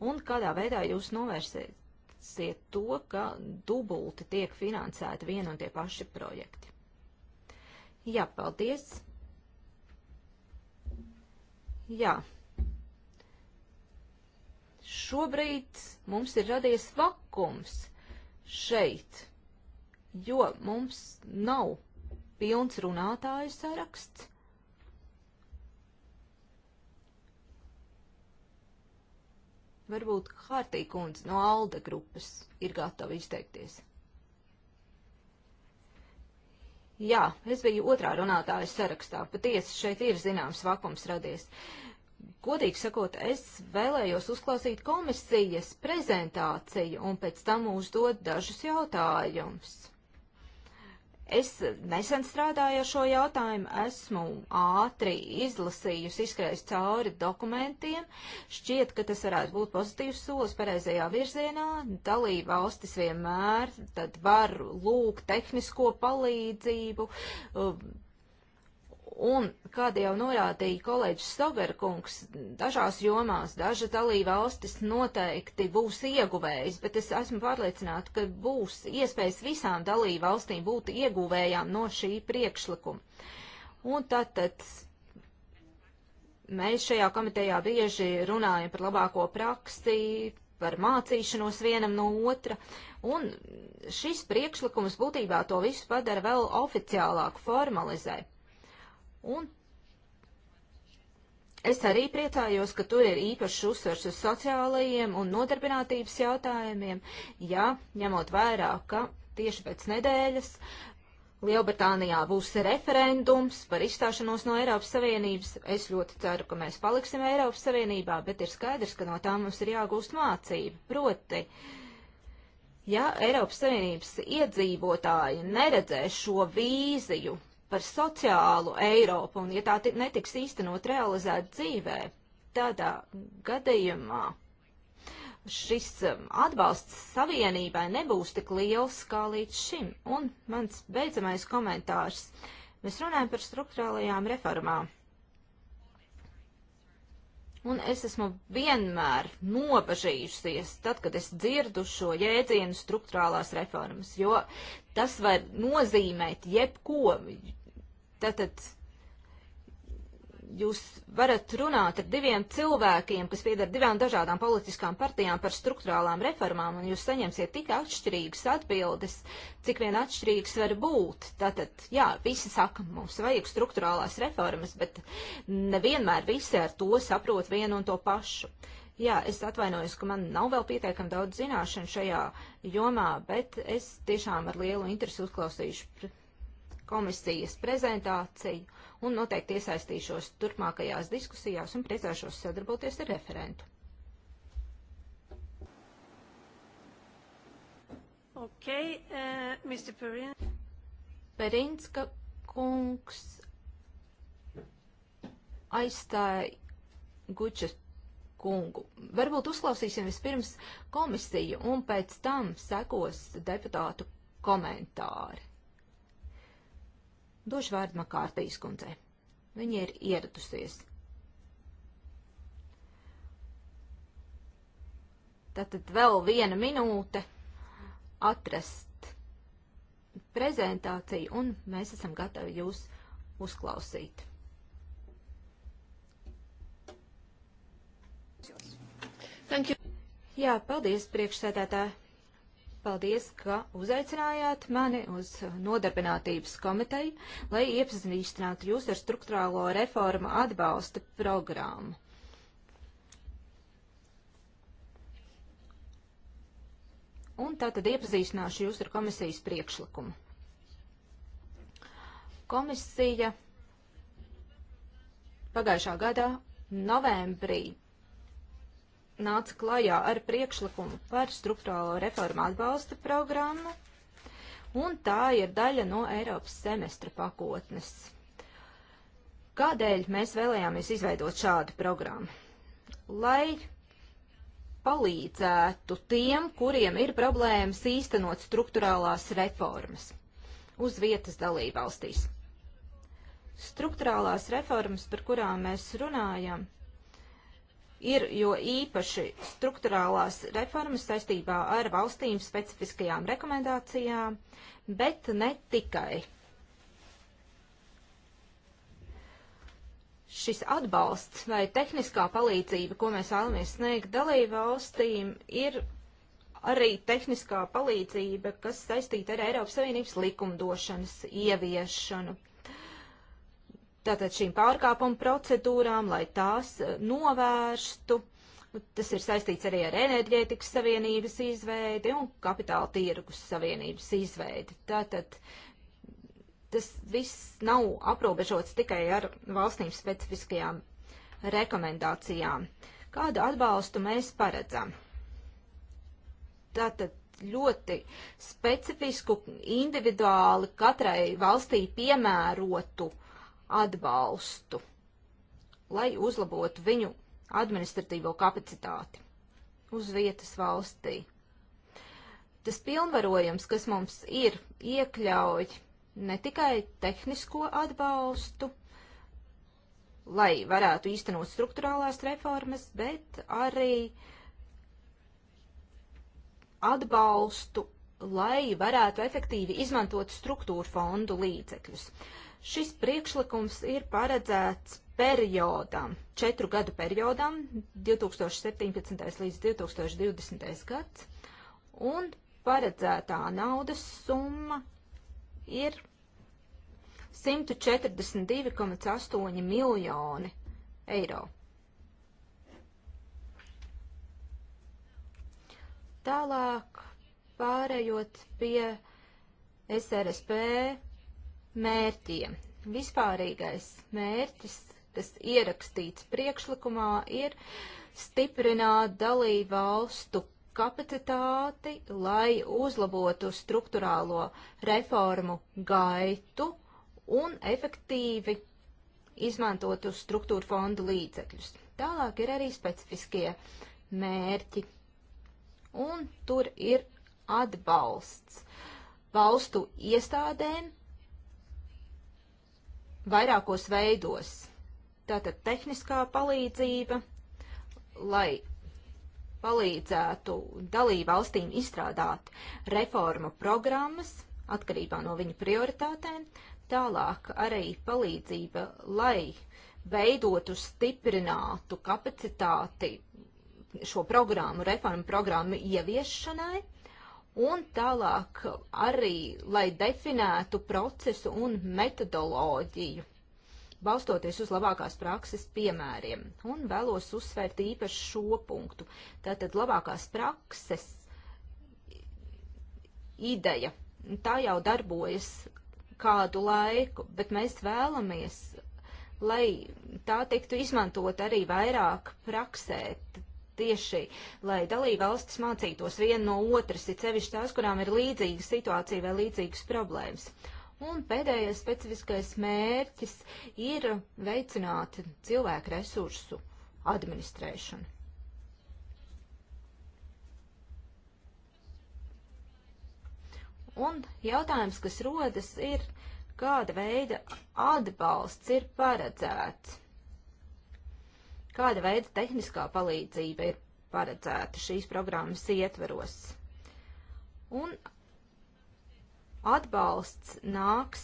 S3: Un kādā veidā jūs novērsiet neakceptēsiet to, ka dubulti tiek finansēti vien un tie paši projekti. Jā, paldies. Jā. Šobrīd mums ir radies vakums šeit, jo mums nav pilns runātāju saraksts Varbūt Hārtīkundze no Alda grupas ir gatava izteikties. Jā, es biju otrā runātāja sarakstā. Patiesi šeit ir zināms vakums radies. Godīgi sakot, es vēlējos uzklausīt komisijas prezentāciju un pēc tam uzdot dažus jautājumus. Es nesen strādāju ar šo jautājumu, esmu ātri izlasījusi, izskrējusi cauri dokumentiem. Šķiet, ka tas varētu būt pozitīvs solis pareizajā virzienā. Dalība valstis vienmēr tad var lūgt tehnisko palīdzību. Uh, Un, kā jau norādīja kolēģis Soberkungs, dažās jomās daža dalība valstis noteikti būs ieguvējis, bet es esmu pārliecināta, ka būs iespējas visām dalība valstīm būt ieguvējām no šī priekšlikuma. Un tātad mēs šajā komitejā bieži runājam par labāko praksi, par mācīšanos vienam no otra, un šis priekšlikums būtībā to visu padara vēl oficiālāku, formalizē. Un es arī priecājos, ka tur ir īpašs uzsvers uz sociālajiem un nodarbinātības jautājumiem, ja ņemot vērā, ka tieši pēc nedēļas Lielbritānijā būs referendums par izstāšanos no Eiropas Savienības. Es ļoti ceru, ka mēs paliksim Eiropas Savienībā, bet ir skaidrs, ka no tā mums ir jāgūst mācība. Proti, ja Eiropas Savienības iedzīvotāji neredzēs šo vīziju par sociālu Eiropu, un ja tā netiks īstenot realizēt dzīvē, tādā gadījumā šis um, atbalsts savienībai nebūs tik liels kā līdz šim. Un mans beidzamais komentārs. Mēs runājam par struktūrālajām reformām. Un es esmu vienmēr nobažījusies, tad, kad es dzirdu šo jēdzienu struktūrālās reformas, jo tas var nozīmēt jebko, Tātad jūs varat runāt ar diviem cilvēkiem, kas piedara divām dažādām politiskām partijām par struktūrālām reformām, un jūs saņemsiet tik atšķirīgas atbildes, cik vien atšķirīgas var būt. Tātad, jā, visi saka, mums vajag struktūrālās reformas, bet nevienmēr visi ar to saprot vienu un to pašu. Jā, es atvainojos, ka man nav vēl pietiekami daudz zināšanu šajā jomā, bet es tiešām ar lielu interesi uzklausīšu komisijas prezentāciju un noteikti iesaistīšos turpmākajās diskusijās un priecāšos sadarboties ar referentu. Okay, uh, eh, Mr. Perin. Perinska kungs aizstāja Gučas kungu. Varbūt uzklausīsim vispirms komisiju un pēc tam sekos deputātu komentāri. Došu vārdu Makārtīs kundzei. Viņa ir ieradusies. Tātad vēl viena minūte atrast prezentāciju, un mēs esam gatavi jūs uzklausīt. Thank you. Jā, paldies, priekšsēdētāji. Paldies, ka uzaicinājāt mani uz nodarbinātības komiteju, lai iepazīstinātu jūs ar struktūrālo reformu atbalsta programmu. Un tātad iepazīstināšu jūs ar komisijas priekšlikumu. Komisija pagājušā gadā novembrī nāca klajā ar priekšlikumu par struktūrālo reformu atbalsta programmu, un tā ir daļa no Eiropas semestra pakotnes. Kādēļ mēs vēlējāmies izveidot šādu programmu? Lai palīdzētu tiem, kuriem ir problēmas īstenot struktūrālās reformas uz vietas dalībvalstīs. Struktūrālās reformas, par kurām mēs runājam, ir jo īpaši struktūrālās reformas saistībā ar valstīm specifiskajām rekomendācijām, bet ne tikai. Šis atbalsts vai tehniskā palīdzība, ko mēs vēlamies sniegt dalību valstīm, ir arī tehniskā palīdzība, kas saistīta ar Eiropas Savienības likumdošanas ieviešanu tātad šīm pārkāpumu procedūrām, lai tās e, novērstu. Nu, tas ir saistīts arī ar enerģētikas savienības izveidi un kapitāla tirgus savienības izveidi. Tātad tas viss nav aprobežots tikai ar valstīm specifiskajām rekomendācijām. Kādu atbalstu mēs paredzam? Tātad ļoti specifisku, individuāli katrai valstī piemērotu uh, atbalstu, lai uzlabotu viņu administratīvo kapacitāti uz vietas valstī. Tas pilnvarojums, kas mums ir, iekļauj ne tikai tehnisko atbalstu, lai varētu īstenot struktūrālās reformas, bet arī atbalstu, lai varētu efektīvi izmantot struktūra fondu līdzekļus. Uh, Šis priekšlikums ir paredzēts periodam, četru gadu periodam, 2017. līdz 2020. gads, un paredzētā naudas summa ir 142,8 miljoni eiro. Tālāk pārējot pie SRSP mērķiem. Vispārīgais mērķis, kas ierakstīts priekšlikumā, ir stiprināt dalību valstu kapacitāti, lai uzlabotu struktūrālo reformu gaitu un efektīvi izmantotu struktūra fondu līdzekļus. Tālāk ir arī specifiskie mērķi, un tur ir atbalsts valstu iestādēm vairākos veidos. Tātad tehniskā palīdzība, lai palīdzētu dalībvalstīm izstrādāt reformu programmas atkarībā no viņu prioritātēm, tālāk arī palīdzība, lai veidotu, stiprinātu kapacitāti šo programmu, reformu programmu ieviešanai. Un tālāk arī, lai definētu procesu un metodoloģiju, balstoties uz labākās prakses piemēriem. Un vēlos uzsvērt īpaši šo punktu. Tātad labākās prakses ideja, tā jau darbojas kādu laiku, bet mēs vēlamies, lai tā tiktu izmantot arī vairāk praksēt, tieši, lai dalība valstis mācītos viena no otras, ir sevišķi tās, kurām ir līdzīga situācija vai līdzīgas problēmas. Un pēdējais specifiskais mērķis ir veicināt cilvēku resursu administrēšanu. Un jautājums, kas rodas, ir, kāda veida atbalsts ir paredzēts Kāda veida tehniskā palīdzība ir paredzēta šīs programmas ietveros? Un atbalsts nāks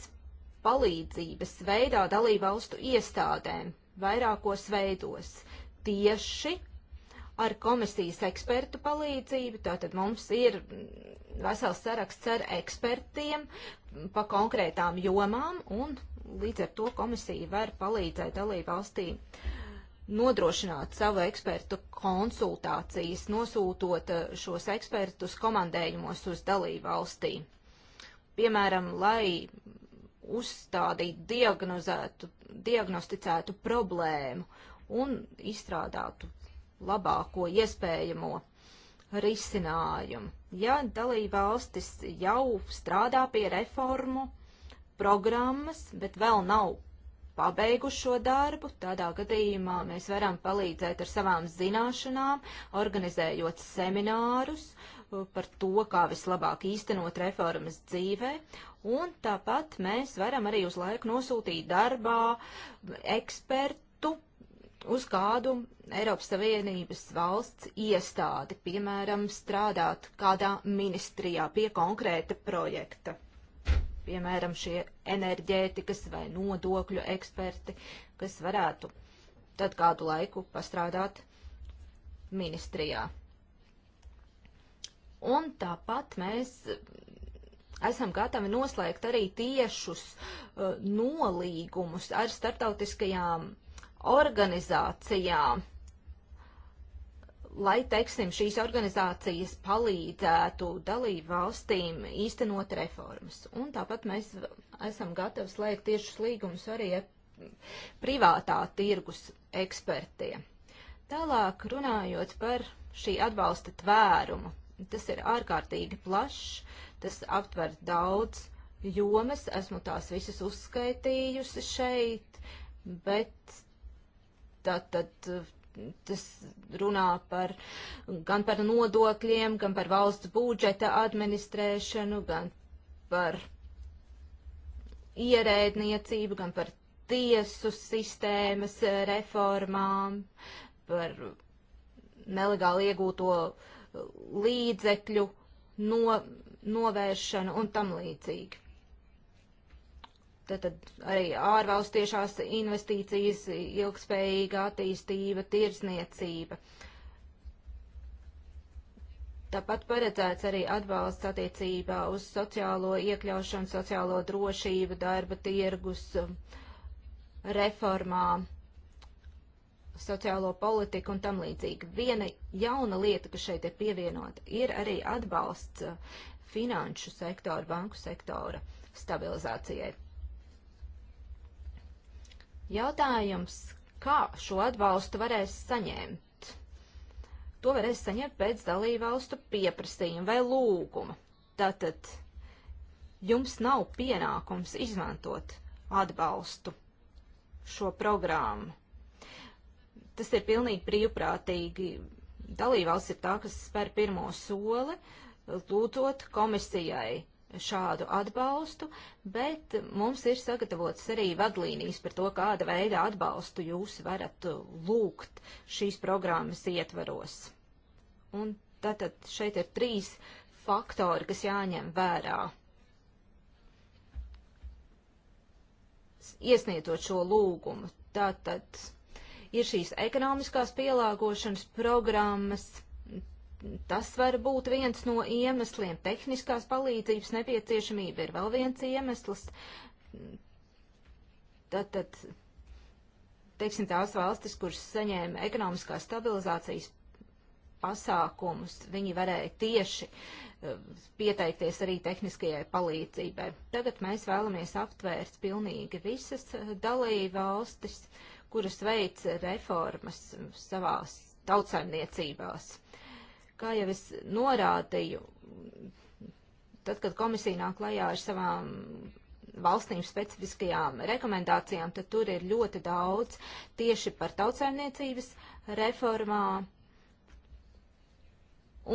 S3: palīdzības veidā dalībvalstu iestādēm vairākos veidos. Tieši ar komisijas ekspertu palīdzību, tātad mums ir vesels saraksts ar ekspertiem pa konkrētām jomām, un līdz ar to komisija var palīdzēt dalībvalstīm. Uh, nodrošināt savu ekspertu konsultācijas, nosūtot eh, šos ekspertus komandējumos uz dalību valstī. Piemēram, lai uzstādītu, diagnozētu, diagnosticētu problēmu un izstrādātu labāko iespējamo risinājumu. Ja dalība valstis jau strādā pie reformu programmas, bet vēl nav pabeiguši šo darbu. Tādā gadījumā mēs varam palīdzēt ar savām zināšanām, organizējot seminārus uh, par to, kā vislabāk īstenot reformas dzīvē. Un tāpat mēs varam arī uz laiku nosūtīt darbā ekspertu uz kādu Eiropas Savienības valsts iestādi, piemēram, strādāt kādā ministrijā pie konkrēta projekta piemēram, šie enerģētikas vai nodokļu eksperti, kas varētu tad kādu laiku pastrādāt ministrijā. Un tāpat mēs esam gatavi noslēgt arī tiešus uh, nolīgumus ar starptautiskajām organizācijām, lai, teiksim, šīs organizācijas palīdzētu dalību valstīm īstenot reformas. Un tāpat mēs esam gatavi slēgt tiešus līgumus arī ar privātā tirgus ekspertiem. Tālāk runājot par šī atbalsta tvērumu, tas ir ārkārtīgi plašs, tas aptver daudz jomas, esmu tās visas uzskaitījusi šeit, bet tad, tad tas runā par, gan par nodokļiem, gan par valsts budžeta administrēšanu, gan par ierēdniecību, gan par tiesu sistēmas reformām, par nelegāli iegūto līdzekļu no, novēršanu un tam līdzīgi. Tātad arī ārvalstiešās investīcijas, ilgspējīga attīstība, tirsniecība. Tāpat paredzēts arī atbalsts attiecībā uz sociālo iekļaušanu, sociālo drošību, darba tirgus reformā, sociālo politiku un tam līdzīgi. Viena jauna lieta, kas šeit ir pievienota, ir arī atbalsts finanšu sektora, banku sektora stabilizācijai. Jautājums, kā šo atbalstu varēs saņemt? To varēs saņemt pēc dalībvalstu pieprasījuma vai lūguma. Tātad jums nav pienākums izmantot atbalstu šo programmu. Tas ir pilnīgi brīvprātīgi. Dalībvalsts ir tā, kas spēr pirmo soli, lūdzot komisijai šādu atbalstu, bet mums ir sagatavotas arī vadlīnijas par to, kāda veida atbalstu jūs varat uh, lūgt šīs programmas ietvaros. Un tātad šeit ir trīs faktori, kas jāņem vērā. Iesniedzot šo lūgumu, tātad ir šīs ekonomiskās pielāgošanas programmas, Tas var būt viens no iemesliem. Tehniskās palīdzības nepieciešamība ir vēl viens iemesls. Tad, tad teiksim, tās valstis, kuras saņēma ekonomiskās stabilizācijas pasākumus, viņi varēja tieši eh, pieteikties arī tehniskajai palīdzībai. Tagad mēs vēlamies aptvērt pilnīgi visas eh, dalība valstis, kuras veic reformas savās tautsaimniecībās. Kā jau es norādīju, tad, kad komisija nāk klajā ar savām valstīm specifiskajām rekomendācijām, tad tur ir ļoti daudz tieši par tautsēmniecības reformā.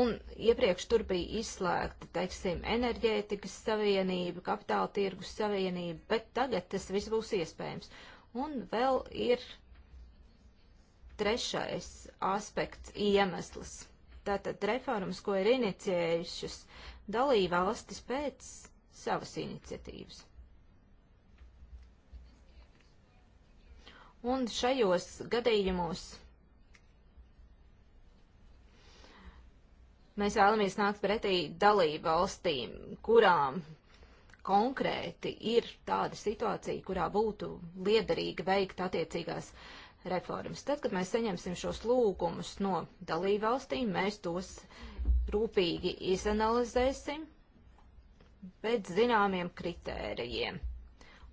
S3: Un iepriekš tur bija izslēgta, teiksim, enerģētikas savienība, kapitāla tirgus savienība, bet tagad tas viss būs iespējams. Un vēl ir trešais aspekts iemesls Tātad reformas, ko ir iniciējušas dalībvalstis pēc savas iniciatīvas. Un šajos gadījumos mēs vēlamies nākt pretī dalību valstīm, kurām konkrēti ir tāda situācija, kurā būtu liederīgi veikt attiecīgās uh, reformas. Tad, kad mēs saņemsim šos lūgumus no dalībvalstīm, mēs tos rūpīgi izanalizēsim pēc zināmiem kritērijiem.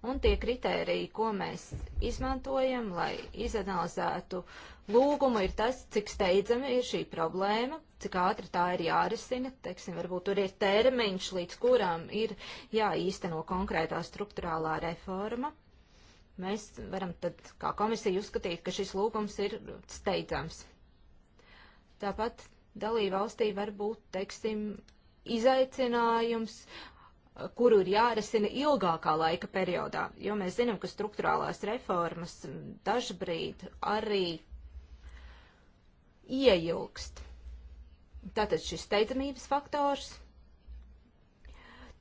S3: Un tie kritēriji, ko mēs izmantojam, lai izanalizētu lūgumu, ir tas, cik steidzami ir šī problēma, cik ātri tā ir jārisina, teiksim, varbūt tur ir termiņš, līdz kurām ir jāīsteno konkrētā struktūrālā reforma, Mēs varam tad kā komisija uzskatīt, ka šis lūgums ir steidzams. Tāpat dalība valstī var būt, teiksim, izaicinājums, kuru ir jārisina ilgākā laika periodā, jo mēs zinām, ka struktūrālās reformas dažbrīd arī ieilgst. Tātad šis steidzamības faktors –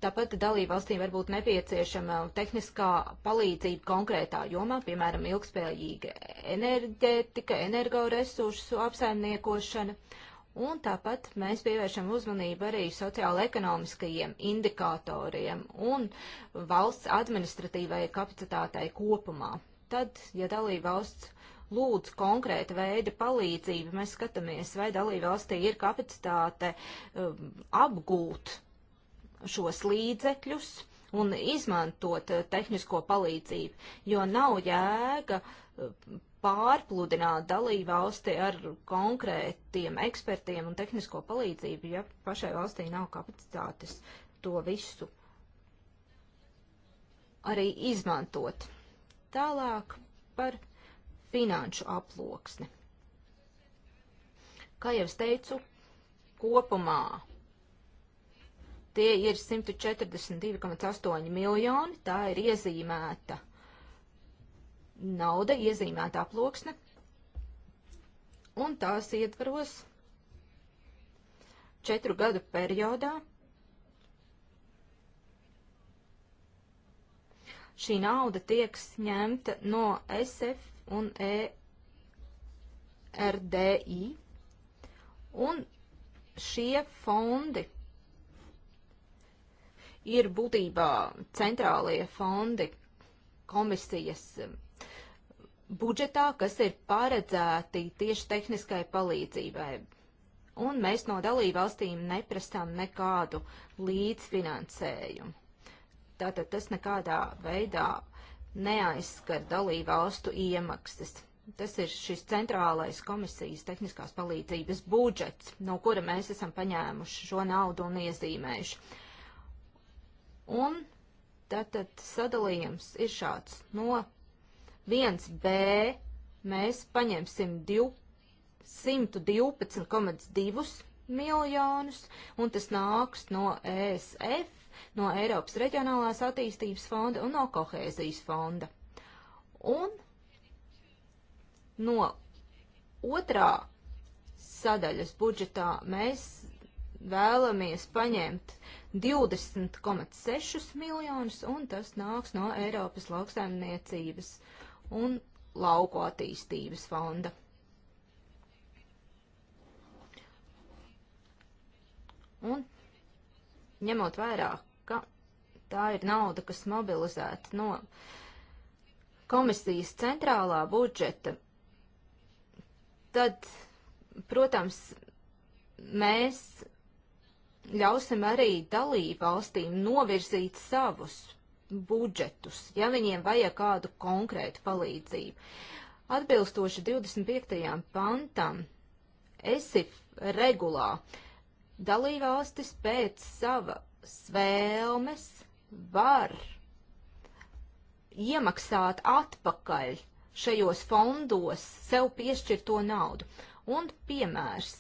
S3: Tāpat dalībvalstīm var būt nepieciešama tehniskā palīdzība konkrētā jomā, piemēram, ilgspējīga enerģētika, energoresursu apsaimniekošana. Un tāpat mēs pievēršam uzmanību arī sociāla-ekonomiskajiem indikatoriem un valsts administratīvai kapacitātei kopumā. Tad, ja dalība valsts lūdz konkrēta veida palīdzību, mēs skatāmies, vai dalība valstī ir kapacitāte um, apgūt šos līdzekļus un izmantot eh, tehnisko palīdzību, jo nav jēga eh, pārpludināt dalību valsti ar konkrētiem ekspertiem un tehnisko palīdzību, ja pašai valstī nav kapacitātes to visu arī izmantot. Tālāk par finanšu aploksni. Kā jau es teicu, kopumā Tie ir 142,8 miljoni, tā ir iezīmēta nauda, iezīmēta aploksne, un tās ietvaros četru gadu periodā šī nauda tiek ņemta no SF un ERDI, un šie fondi ir būtībā centrālie fondi komisijas um, budžetā, kas ir paredzēti tieši tehniskai palīdzībai. Un mēs no dalībvalstīm neprasām nekādu līdzfinansējumu. Tātad tas nekādā veidā neaizskar dalībvalstu iemaksas. Tas ir šis centrālais komisijas tehniskās palīdzības budžets, no kura mēs esam paņēmuši šo naudu un iezīmējuši. Un tātad sadalījums ir šāds. No 1B mēs paņemsim 112,2 miljonus, un tas nāks no ESF, no Eiropas reģionālās attīstības fonda un no kohēzijas fonda. Un no otrā sadaļas budžetā mēs vēlamies paņemt uh, 20,6 miljonus, un tas nāks no Eiropas lauksaimniecības un lauku attīstības fonda. Un ņemot vērā, ka tā ir nauda, kas mobilizēta no komisijas centrālā budžeta, tad, protams, mēs ļausim arī dalību valstīm novirzīt savus budžetus, ja viņiem vajag kādu konkrētu palīdzību. Atbilstoši 25. pantam, ESIF regulā dalībvalstis pēc savas vēlmes var iemaksāt atpakaļ šajos fondos sev piešķirto naudu. Un piemērs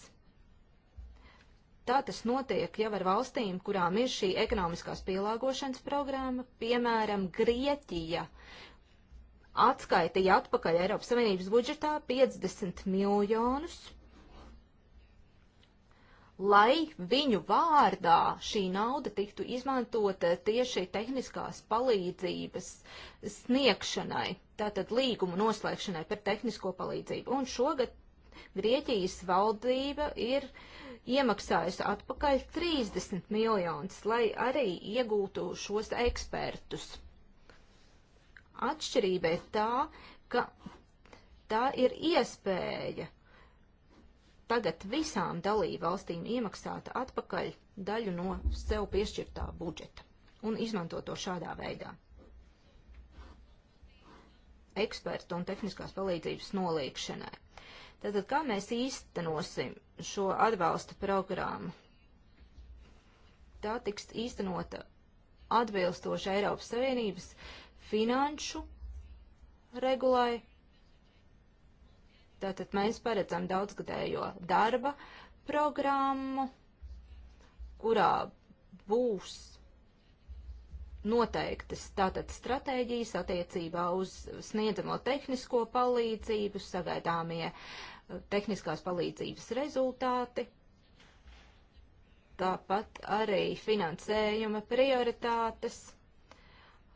S3: Tā tas notiek jau ar valstīm, kurām ir šī ekonomiskās pielāgošanas programma, piemēram, Grieķija. Atskaitīja atpakaļ Eiropas Savienības budžetā 50 miljonus, lai viņu vārdā šī nauda tiktu izmantota tieši tehniskās palīdzības sniegšanai, tātad līgumu noslēgšanai par tehnisko palīdzību. Un šogad Grieķijas valdība ir iemaksājusi atpakaļ 30 miljonus, lai arī iegūtu šos ekspertus. Atšķirība ir tā, ka tā ir iespēja tagad visām dalībvalstīm iemaksāt atpakaļ daļu no sev piešķirtā budžeta un izmantot to šādā veidā. Ekspertu un tehniskās palīdzības noliekšanai. Tātad, kā mēs īstenosim šo atbalsta programmu? Tā tiks īstenota atbilstoši Eiropas Savienības finanšu regulai. Tātad mēs paredzam daudzgadējo darba programmu, kurā būs noteiktas tātad stratēģijas attiecībā uz sniedzamo tehnisko palīdzību, sagaidāmie eh, tehniskās palīdzības rezultāti, tāpat arī finansējuma prioritātes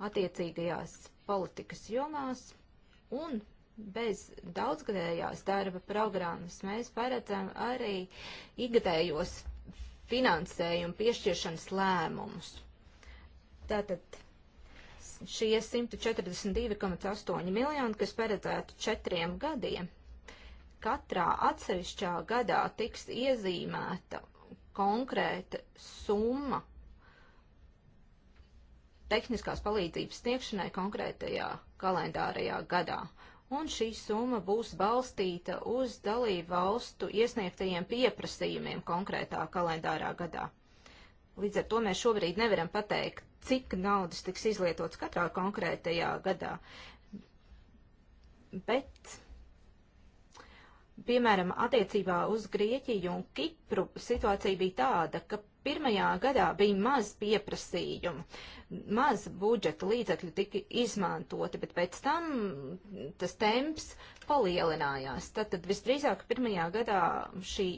S3: attiecīgajās politikas jomās un bez daudzgadējās darba programmas mēs paredzam arī ikgadējos finansējumu piešķiršanas lēmumus. Tātad šie 142,8 miljoni, kas paredzētu četriem gadiem, katrā atsevišķā gadā tiks iezīmēta konkrēta summa tehniskās palīdzības sniegšanai konkrētajā kalendārajā gadā. Un šī summa būs balstīta uz dalību valstu iesniegtajiem pieprasījumiem konkrētā kalendārā gadā. Līdz ar to mēs šobrīd nevaram pateikt, cik naudas tiks izlietots katrā konkrētajā gadā. Bet, piemēram, attiecībā uz Grieķiju un Kipru situācija bija tāda, ka pirmajā gadā bija maz pieprasījumu, maz budžeta līdzekļu tika izmantoti, bet pēc tam tas temps palielinājās. Tad, tad visdrīzāk pirmajā gadā šī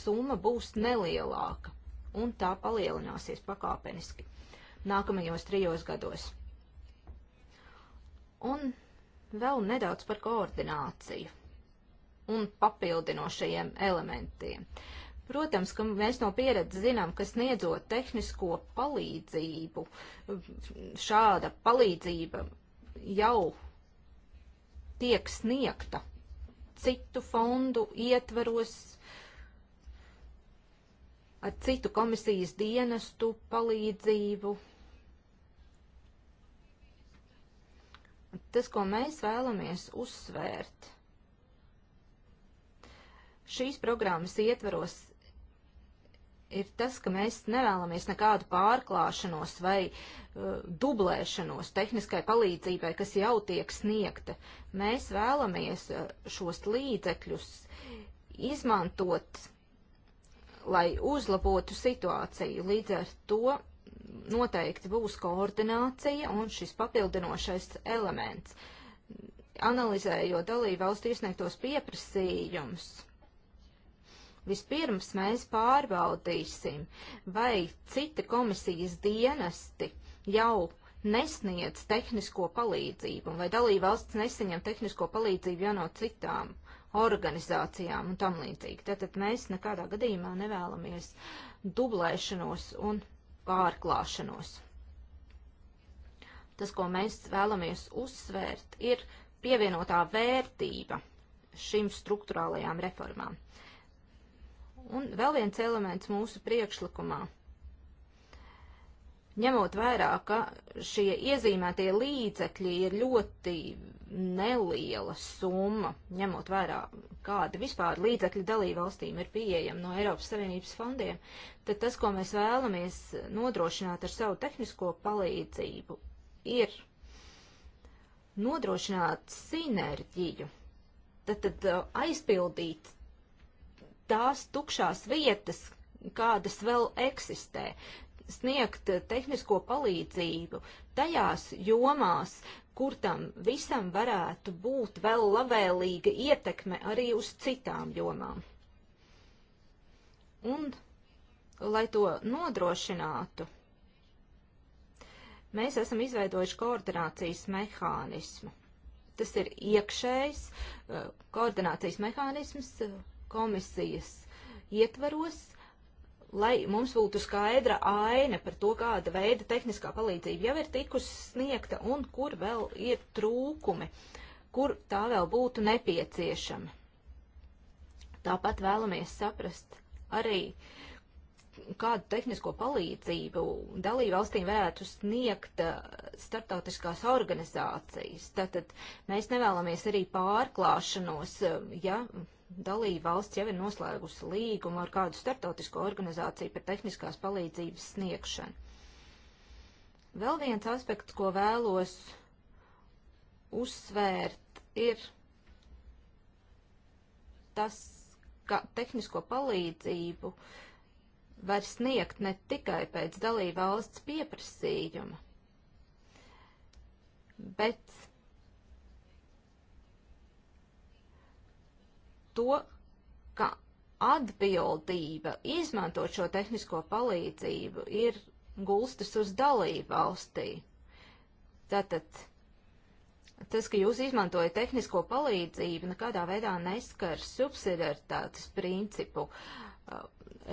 S3: summa būs nelielāka un tā palielināsies pakāpeniski nākamajos trijos gados. Un vēl nedaudz par koordināciju un papildinošajiem elementiem. Protams, ka mēs no pieredzes zinām, ka sniedzot tehnisko palīdzību, šāda palīdzība jau tiek sniegta citu fondu ietvaros, ar citu komisijas dienestu palīdzību. Tas, ko mēs vēlamies uzsvērt, šīs programmas ietveros ir tas, ka mēs nevēlamies nekādu pārklāšanos vai uh, dublēšanos tehniskai palīdzībai, kas jau tiek sniegta. Mēs vēlamies uh, šos līdzekļus izmantot lai uzlabotu situāciju. Līdz ar to noteikti būs koordinācija un šis papildinošais elements. Analizējot dalību valstu iesniegtos pieprasījumus, vispirms mēs pārbaudīsim, vai citi komisijas dienesti jau nesniedz tehnisko palīdzību, vai dalība valsts nesaņem tehnisko palīdzību jau no citām uh, organizācijām un tam līdzīgi. Tātad mēs nekādā gadījumā nevēlamies dublēšanos un pārklāšanos. Tas, ko mēs vēlamies uzsvērt, ir pievienotā vērtība šīm struktūrālajām reformām. Un vēl viens elements mūsu priekšlikumā. Ņemot vērā, ka šie iezīmētie līdzekļi ir ļoti neliela summa, ņemot vērā, kāda vispār līdzekļa dalībvalstīm ir pieejama no Eiropas Savienības fondiem, tad tas, ko mēs vēlamies nodrošināt ar savu tehnisko palīdzību, ir nodrošināt sinerģiju, tad, tad uh, aizpildīt tās tukšās vietas, kādas vēl eksistē, sniegt tehnisko palīdzību tajās jomās, kur tam visam varētu būt vēl labvēlīga ietekme arī uz citām jomām. Un, lai to nodrošinātu, mēs esam izveidojuši koordinācijas mehānismu. Tas ir iekšējs eh, koordinācijas mehānisms eh, komisijas ietvaros, lai mums būtu skaidra aina par to, kāda veida tehniskā palīdzība jau ir tikusi sniegta un kur vēl ir trūkumi, kur tā vēl būtu nepieciešama. Tāpat vēlamies saprast arī, kādu tehnisko palīdzību dalībvalstīm varētu sniegt uh, starptautiskās organizācijas. Tātad mēs nevēlamies arī pārklāšanos, uh, ja dalība valsts jau ir noslēgusi līgumu ar kādu starptautisko organizāciju par tehniskās palīdzības sniegšanu. Vēl viens aspekts, ko vēlos uzsvērt, ir tas, ka tehnisko palīdzību var sniegt ne tikai pēc dalība valsts pieprasījuma, bet to, ka atbildība izmantot šo tehnisko palīdzību ir gulstas uz dalību valstī. Tātad tas, ka jūs izmantojat tehnisko palīdzību, nekādā veidā neskars subsidiaritātes principu.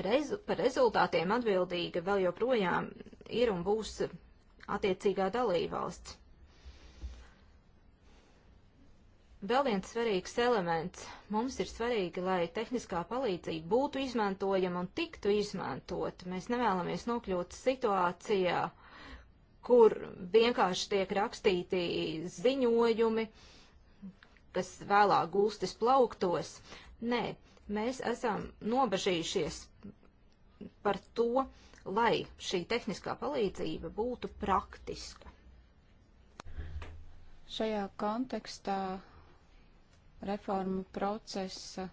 S3: Rezu, par rezultātiem atbildīga vēl joprojām ir un būs attiecīgā dalībvalsts. Vēl viens svarīgs elements. Mums ir svarīgi, lai tehniskā palīdzība būtu izmantojama un tiktu izmantot. Mēs nevēlamies nokļūt situācijā, kur vienkārši tiek rakstīti ziņojumi, kas vēlāk gulstis plauktos. Nē, mēs esam nobežījušies par to, lai šī tehniskā palīdzība būtu praktiska. Šajā
S2: kontekstā reformu procesa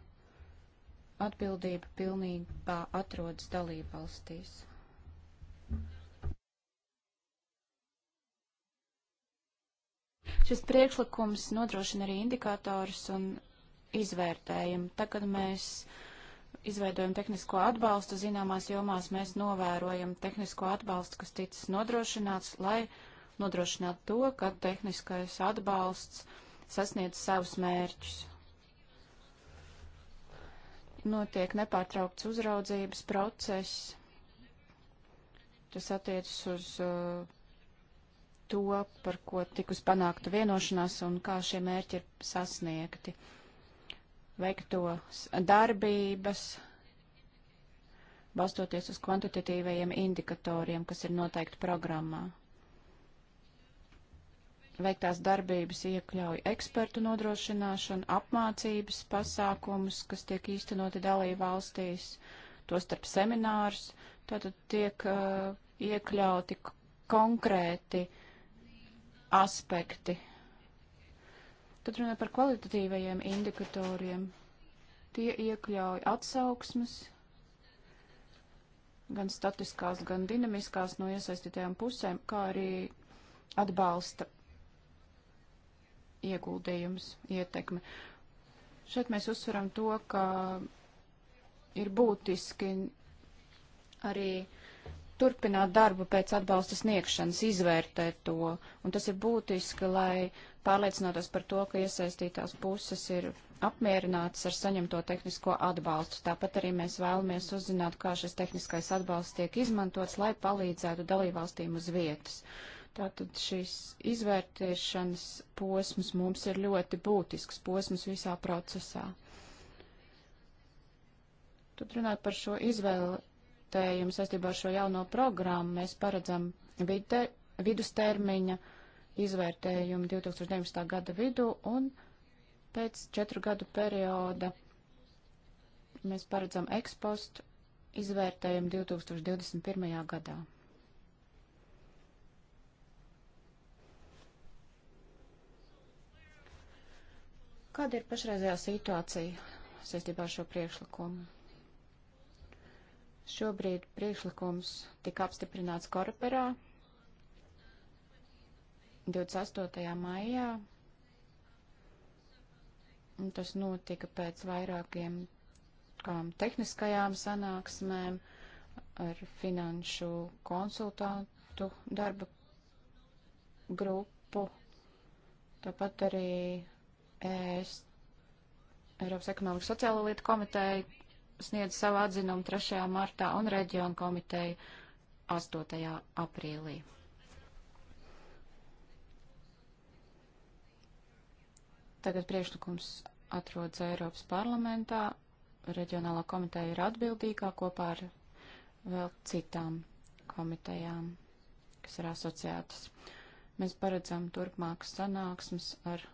S2: atbildība pilnībā atrodas dalību valstīs. Šis priekšlikums nodrošina arī indikātors un izvērtējumu. Tagad mēs izveidojam tehnisko atbalstu, zināmās jomās mēs novērojam tehnisko atbalstu, kas ticis nodrošināts, lai nodrošinātu to, ka tehniskais atbalsts uh, sasniedz savus mērķus. Notiek nepārtraukts uzraudzības process. Tas attiecas uz uh, to, par ko tikus panākta vienošanās un kā šie mērķi ir sasniegti. Veiktos darbības, balstoties uz kvantitatīvajiem indikatoriem, kas ir noteikti programmā veiktās darbības iekļauj ekspertu nodrošināšanu, apmācības pasākumus, kas tiek īstenoti dalību valstīs, tostarp seminārus. Tātad tiek uh, iekļauti konkrēti aspekti. Tad runā par kvalitatīvajiem indikatoriem. Tie iekļauj atsauksmes, gan statiskās, gan dinamiskās no iesaistītajām pusēm, kā arī atbalsta ieguldījums, ietekme. Šeit mēs uzsveram to, ka ir būtiski arī turpināt darbu pēc atbalsta sniegšanas, izvērtēt to, un tas ir būtiski, lai pārliecinātos par to, ka iesaistītās puses ir apmierinātas ar saņemto tehnisko atbalstu. Tāpat arī mēs vēlamies uzzināt, kā šis tehniskais atbalsts tiek izmantots, lai palīdzētu dalībvalstīm uz vietas. Uh, Tātad šis izvērtēšanas posms mums ir ļoti būtisks posms visā procesā. Tad runāt par šo izvērtējumu saistībā ar šo jauno programmu, mēs paredzam vide, vidustermiņa izvērtējumu 2019. gada vidu un pēc četru gadu perioda mēs paredzam ekspostu izvērtējumu 2021. gadā. Kāda ir pašreizējā situācija saistībā ar šo priekšlikumu? Šobrīd priekšlikums tika apstiprināts Koreperā 28. maijā. Un tas notika pēc vairākiem kām, tehniskajām sanāksmēm ar finanšu konsultantu darba grupu. Tāpat arī Es Eiropas ekonomikas sociālo lietu komiteja sniedz savu atzinumu 3. martā un reģionu komiteja 8. aprīlī. Tagad priekšlikums atrodas Eiropas parlamentā. Reģionālā komiteja ir atbildīgā kopā ar vēl citām komitejām, kas ir asociētas. Mēs paredzam turpmākas sanāksmes ar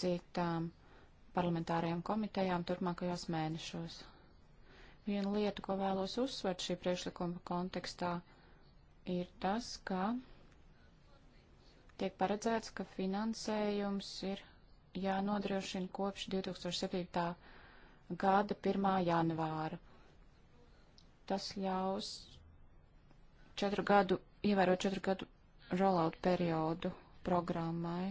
S2: citām parlamentārajām komitejām turpmākajos mēnešos. Viena lieta, ko vēlos uzsvert šī priekšlikuma kontekstā, ir tas, ka tiek paredzēts, ka finansējums ir jānodrošina kopš 2007. gada 1. janvāra. Tas ļaus četru gadu, ievērot četru gadu rollout periodu programmai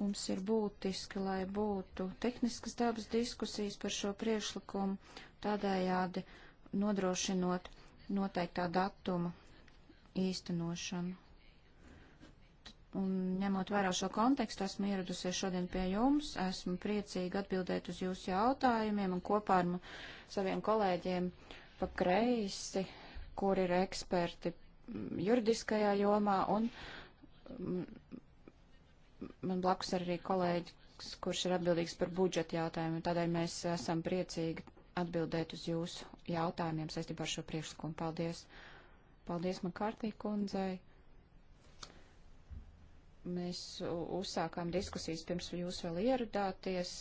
S2: Mums ir būtiski, lai būtu tehniskas dabas diskusijas par šo priekšlikumu, tādējādi nodrošinot noteiktā datuma īstenošanu. Un ņemot vērā šo kontekstu, esmu ieradusies šodien pie jums, esmu priecīgi atbildēt uz jūsu jautājumiem un kopā ar saviem kolēģiem pa kreisi, kur ir eksperti juridiskajā jomā un man blakus ir arī kolēģis, kurš ir atbildīgs par budžeta jautājumu, tādēļ mēs esam priecīgi atbildēt uz jūsu jautājumiem saistībā ar šo priekšlikumu. Paldies! Paldies man kārtīgi kundzei! Mēs uzsākām diskusijas pirms jūs vēl ieradāties.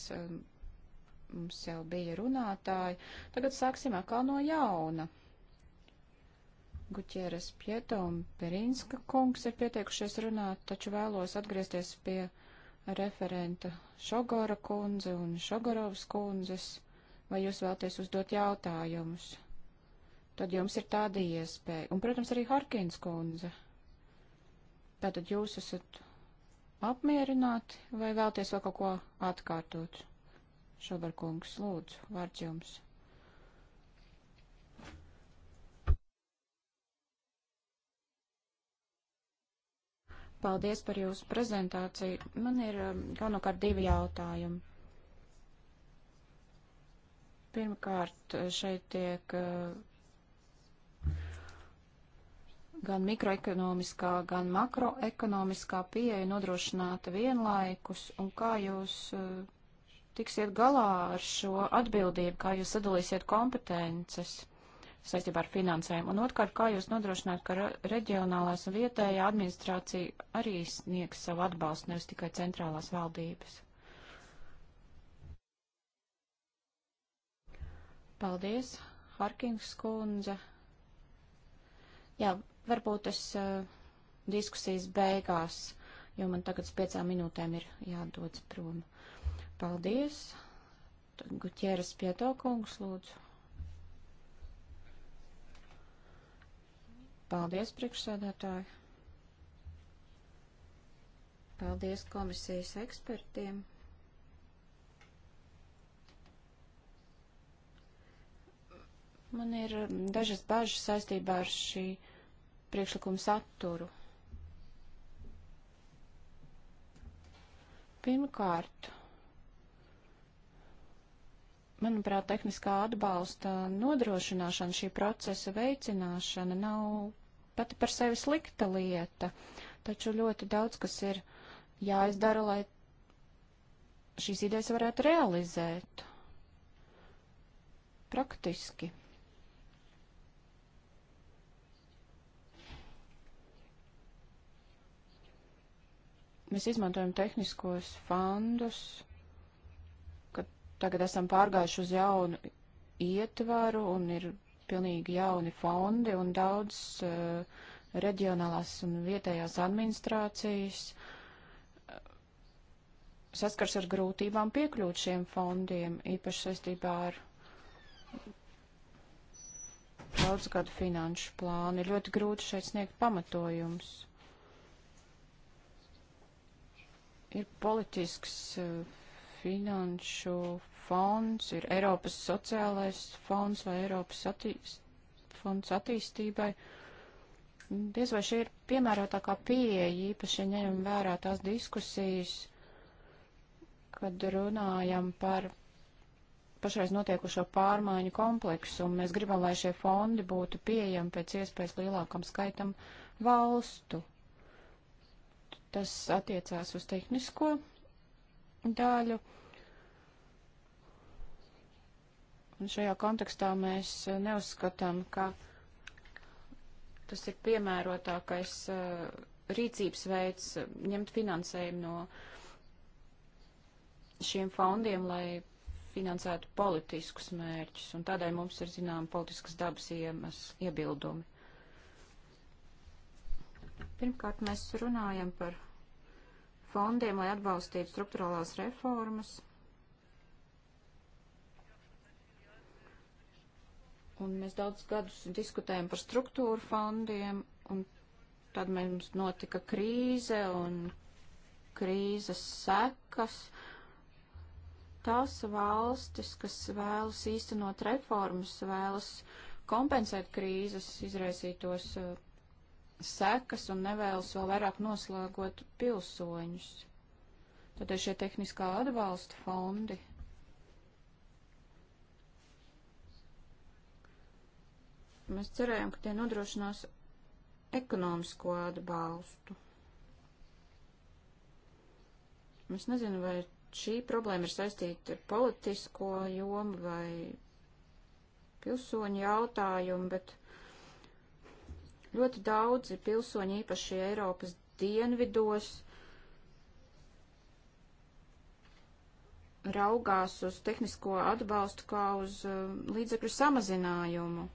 S2: Mums jau bija runātāji. Tagad sāksim atkal no jauna. Guķieres Pieto un Perinska kungs ir pieteikušies runāt, taču vēlos atgriezties pie referenta Šogora kundze un Šogorovas kundzes, vai jūs vēlties uzdot jautājumus. Tad jums ir tāda iespēja. Un, protams, arī Harkins kundze. Tātad jūs esat apmierināti vai vēlties vēl kaut ko atkārtot? Šobar kungs, lūdzu, vārds jums. Paldies par jūsu prezentāciju. Man ir um, galvenokārt divi jautājumi. Pirmkārt, šeit tiek uh, gan mikroekonomiskā, gan makroekonomiskā pieeja nodrošināta vienlaikus, un kā jūs uh, tiksiet galā ar šo atbildību, kā jūs sadalīsiet kompetences? saistībā ar finansēm? Un otrkārt, kā jūs nodrošināt, ka reģionālās un vietējā administrācija arī sniegs savu atbalstu, nevis tikai centrālās valdības? Paldies, Harkings kundze. Jā, varbūt es uh, diskusijas beigās, jo man tagad uz piecām minūtēm ir jādodas prom. Paldies. Gutieres Pieto kungs, lūdzu. Paldies, priekšsēdētāji. Paldies komisijas ekspertiem. Man ir dažas bažas saistībā ar šī priekšlikuma saturu. Pirmkārt, manuprāt, tehniskā atbalsta nodrošināšana, šī procesa veicināšana nav pati par sevi slikta lieta, taču ļoti daudz, kas ir jāizdara, lai šīs idejas varētu realizēt praktiski. Mēs izmantojam tehniskos fondus, kad tagad esam pārgājuši uz jaunu ietvaru un ir pilnīgi jauni fondi un daudz uh, reģionālās un vietējās administrācijas eh, saskars ar grūtībām piekļūt šiem fondiem, īpaši saistībā ar daudzgadu finanšu plānu. Ir ļoti grūti šeit sniegt pamatojums. Ir politisks eh, finanšu fonds, ir Eiropas sociālais fonds vai Eiropas attīst, fonds attīstībai. Diez vai šī ir piemērotākā pieeja, īpaši ņemam vērā tās diskusijas, kad runājam par pašreiz notiekušo pārmaiņu kompleksu, un mēs gribam, lai šie fondi būtu pieejami pēc iespējas lielākam skaitam valstu. Tas attiecās uz tehnisko daļu. Un šajā kontekstā mēs eh, neuzskatām, ka tas ir piemērotākais eh, rīcības veids eh, ņemt finansējumu no šiem fondiem, lai finansētu politiskus mērķus, un tādēļ mums ir, zinām, politiskas dabas iemes, iebildumi. Pirmkārt, mēs runājam par fondiem, lai atbalstītu struktūrālās reformas, Un mēs daudz gadus diskutējam par struktūru fondiem, un tad mums notika krīze un krīzes sekas. Tās valstis, kas vēlas īstenot reformas, vēlas kompensēt krīzes izraisītos uh, sekas un nevēlas vēl vairāk noslēgot pilsoņus. Tad ir šie tehniskā atbalsta fondi, Mēs cerējām, ka tie nodrošinās ekonomisko atbalstu. Es nezinu, vai šī problēma ir saistīta ar politisko jomu vai pilsoņu jautājumu, bet ļoti daudzi pilsoņi, īpaši Eiropas dienvidos, raugās uz tehnisko atbalstu kā uz um, līdzekļu samazinājumu.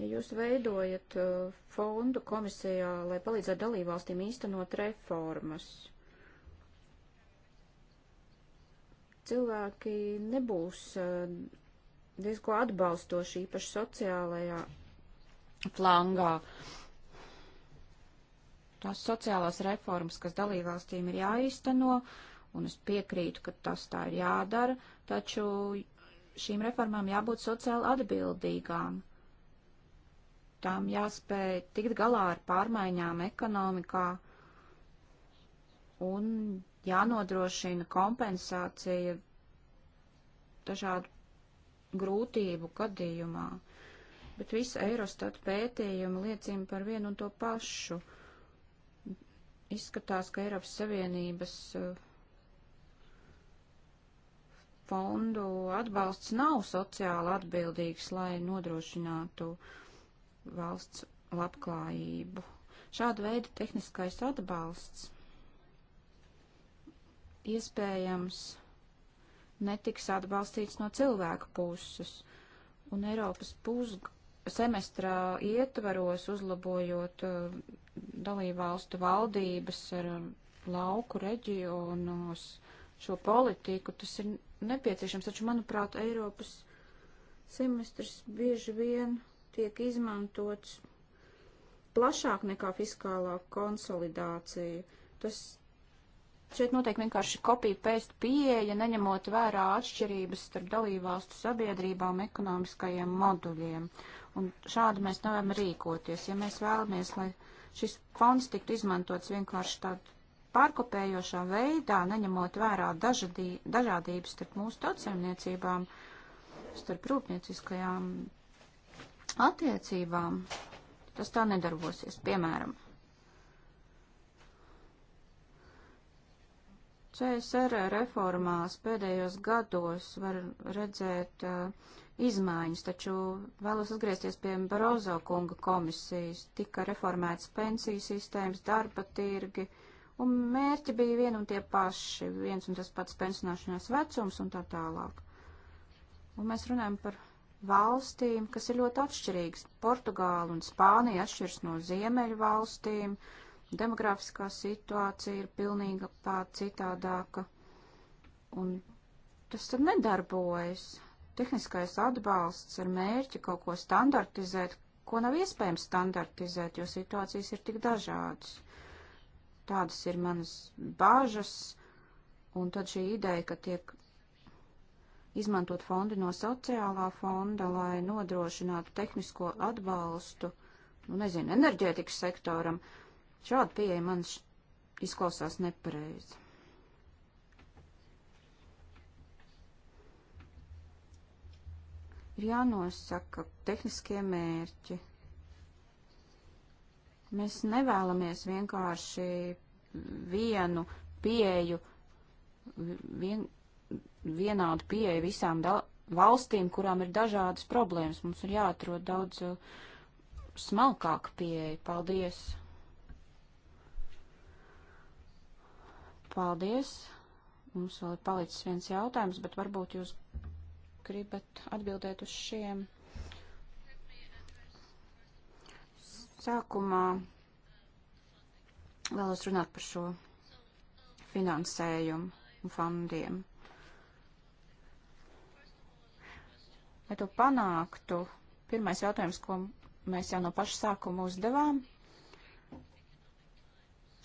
S2: Ja jūs veidojat uh, fondu komisijā, lai palīdzētu dalībvalstīm īstenot reformas, cilvēki nebūs uh, diezko atbalstoši, īpaši sociālajā flangā. Tās sociālās reformas, kas dalībvalstīm ir jāīsteno, un es piekrītu, ka tas tā ir jādara, taču šīm reformām jābūt sociāli atbildīgām tām jāspēj tikt galā ar pārmaiņām ekonomikā un jānodrošina kompensācija dažādu grūtību gadījumā. Bet visi Eurostat pētījumi liecina par vienu un to pašu. Izskatās, ka Eiropas Savienības eh, fondu atbalsts nav sociāli atbildīgs, lai nodrošinātu uh, valsts labklājību. Šādu veidu tehniskais atbalsts iespējams netiks atbalstīts no cilvēka puses, un Eiropas pusgadu semestrā ietvaros, uzlabojot uh, dalībvalstu valdības ar eh, lauku reģionos šo politiku, tas ir nepieciešams. Taču, manuprāt, Eiropas semestrs bieži vien tiek izmantots plašāk nekā fiskālā konsolidācija. Tas šeit notiek vienkārši kopija-pēst pieeja, neņemot vērā atšķirības starp dalībvalstu sabiedrībām, ekonomiskajiem moduļiem. Un šādi mēs nevaram rīkoties. Ja mēs vēlamies, lai šis fonds tiktu izmantots vienkārši tādā pārkopējošā veidā, neņemot vērā dažadī, dažādības starp mūsu tautsaimniecībām, starp rūpnieciskajām attiecībām, tas tā nedarbosies. Piemēram, CSR reformās pēdējos gados var redzēt uh, izmaiņas, taču vēlos atgriezties pie Barozo kunga komisijas. Tika reformētas pensiju sistēmas, darba tirgi, un mērķi bija vien un tie paši, viens un tas pats pensionāšanās vecums un tā tālāk. Un mēs runājam par valstīm, kas ir ļoti atšķirīgas. Portugāla un Spānija atšķiras no ziemeļu valstīm, demografiskā situācija ir pilnīgi pār citādāka, un tas tad nedarbojas. Tehniskais atbalsts ar mērķi kaut ko standartizēt, ko nav iespējams standartizēt, jo situācijas ir tik dažādas. Tādas ir manas bāžas, un tad šī ideja, ka tiek izmantot fondi no sociālā fonda, lai nodrošinātu tehnisko atbalstu, nu, nezinu, enerģētikas sektoram. Šāda pieeja man izklausās nepareizi. Ir jānosaka tehniskie mērķi. Mēs nevēlamies vienkārši vienu pieju vien, vienādu pieeju visām valstīm, kurām ir dažādas problēmas. Mums ir jāatrod daudz uh, smalkāka pieeja. Paldies! Paldies! Mums vēl ir palicis viens jautājums, bet varbūt jūs gribat atbildēt uz šiem. Sākumā vēlos runāt par šo finansējumu un fondiem. Lai to panāktu, pirmais jautājums, ko mēs jau no paša sākuma uzdevām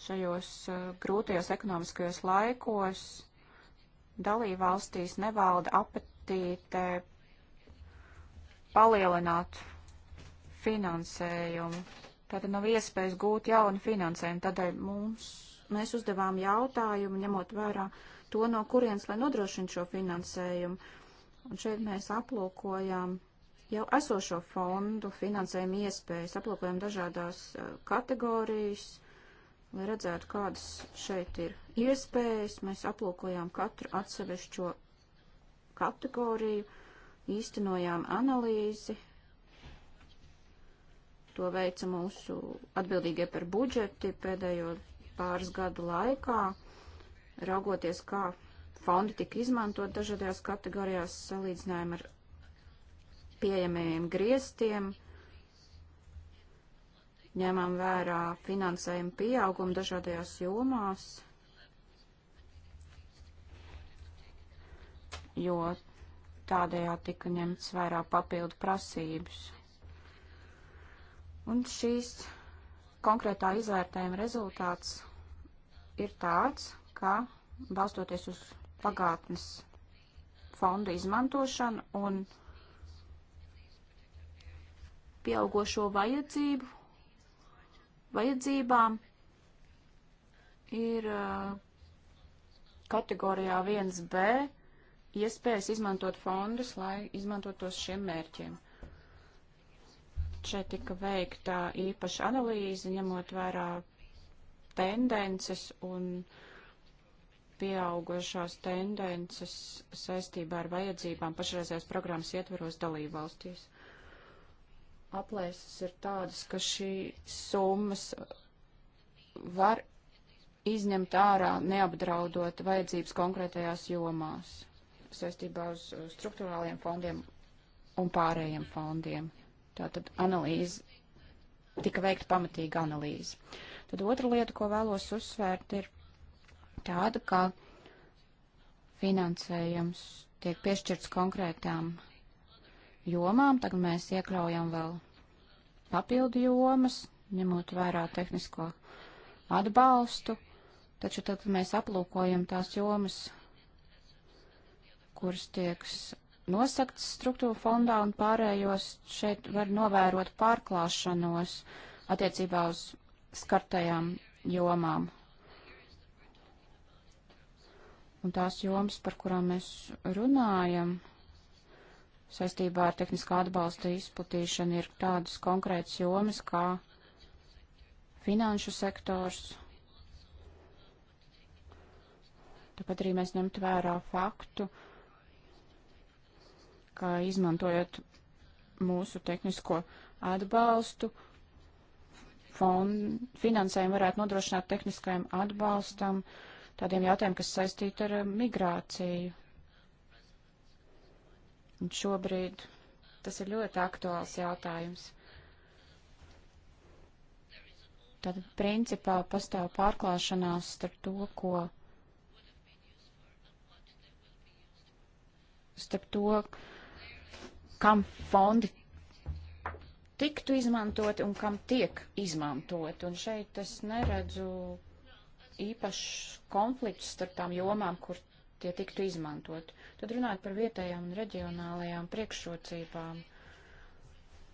S2: šajos uh, grūtajos ekonomiskajos laikos, dalībvalstīs nevalda apetīte palielināt finansējumu. Tātad nav iespējas gūt jaunu finansējumu. Tādēļ mums, mēs uzdevām jautājumu, ņemot vērā to, no kurienes, lai nodrošina šo finansējumu. Un šeit mēs aplūkojam jau esošo fondu finansējumu iespējas, aplūkojam dažādās eh, kategorijas, lai redzētu, kādas šeit ir iespējas. Mēs aplūkojām katru atsevišķo kategoriju, īstenojām analīzi. To veica mūsu atbildīgie par budžeti pēdējo pāris gadu laikā, raugoties, kā fondi tika izmantot dažādajās kategorijās salīdzinājumā ar pieejamajiem grieztiem. Ņemam vērā finansējumu pieaugumu dažādajās jomās, jo tādējā tika ņemts vērā papildu prasības. Un šīs konkrētā izvērtējuma rezultāts ir tāds, ka balstoties uz pagātnes fondu izmantošanu un pieaugošo vajadzību, vajadzībām ir uh, kategorijā 1B iespējas izmantot fondus, lai izmantotos šiem mērķiem. Šeit tika veikta īpaša analīze, ņemot vērā tendences un uh, pieaugušās tendences saistībā ar vajadzībām pašreizējās programmas ietvaros dalībvalstīs. Aplēses ir tādas, ka šī summas var izņemt ārā, neapdraudot vajadzības konkrētajās jomās saistībā uz struktūrāliem fondiem un pārējiem fondiem. Tātad analīze, tika veikta pamatīga analīze. Tad otra lieta, ko vēlos uzsvērt, ir tādu, ka finansējums tiek piešķirts konkrētām jomām. Tagad mēs iekļaujam vēl papildu jomas, ņemot vērā tehnisko atbalstu. Taču tad mēs aplūkojam tās jomas, kuras tiek nosaktas struktūra fondā un pārējos šeit var novērot pārklāšanos attiecībā uz skartajām jomām un tās jomas, par kurām mēs runājam, saistībā ar tehniskā atbalsta izplatīšanu, ir tādas konkrētas jomas kā finanšu sektors. Tāpat arī mēs ņemt vērā faktu, ka izmantojot mūsu tehnisko atbalstu, fond, finansējumu varētu nodrošināt tehniskajam atbalstam, uh, tādiem jautājumiem, kas saistīti ar um, migrāciju. Un šobrīd tas ir ļoti aktuāls jautājums. Tad principā pastāv pārklāšanās starp to, ko starp to, kam fondi tiktu izmantoti un kam tiek izmantoti. Un šeit es neredzu īpašs konflikts starp tām jomām, kur tie tiktu izmantot. Tad runājot par vietējām un reģionālajām priekšrocībām.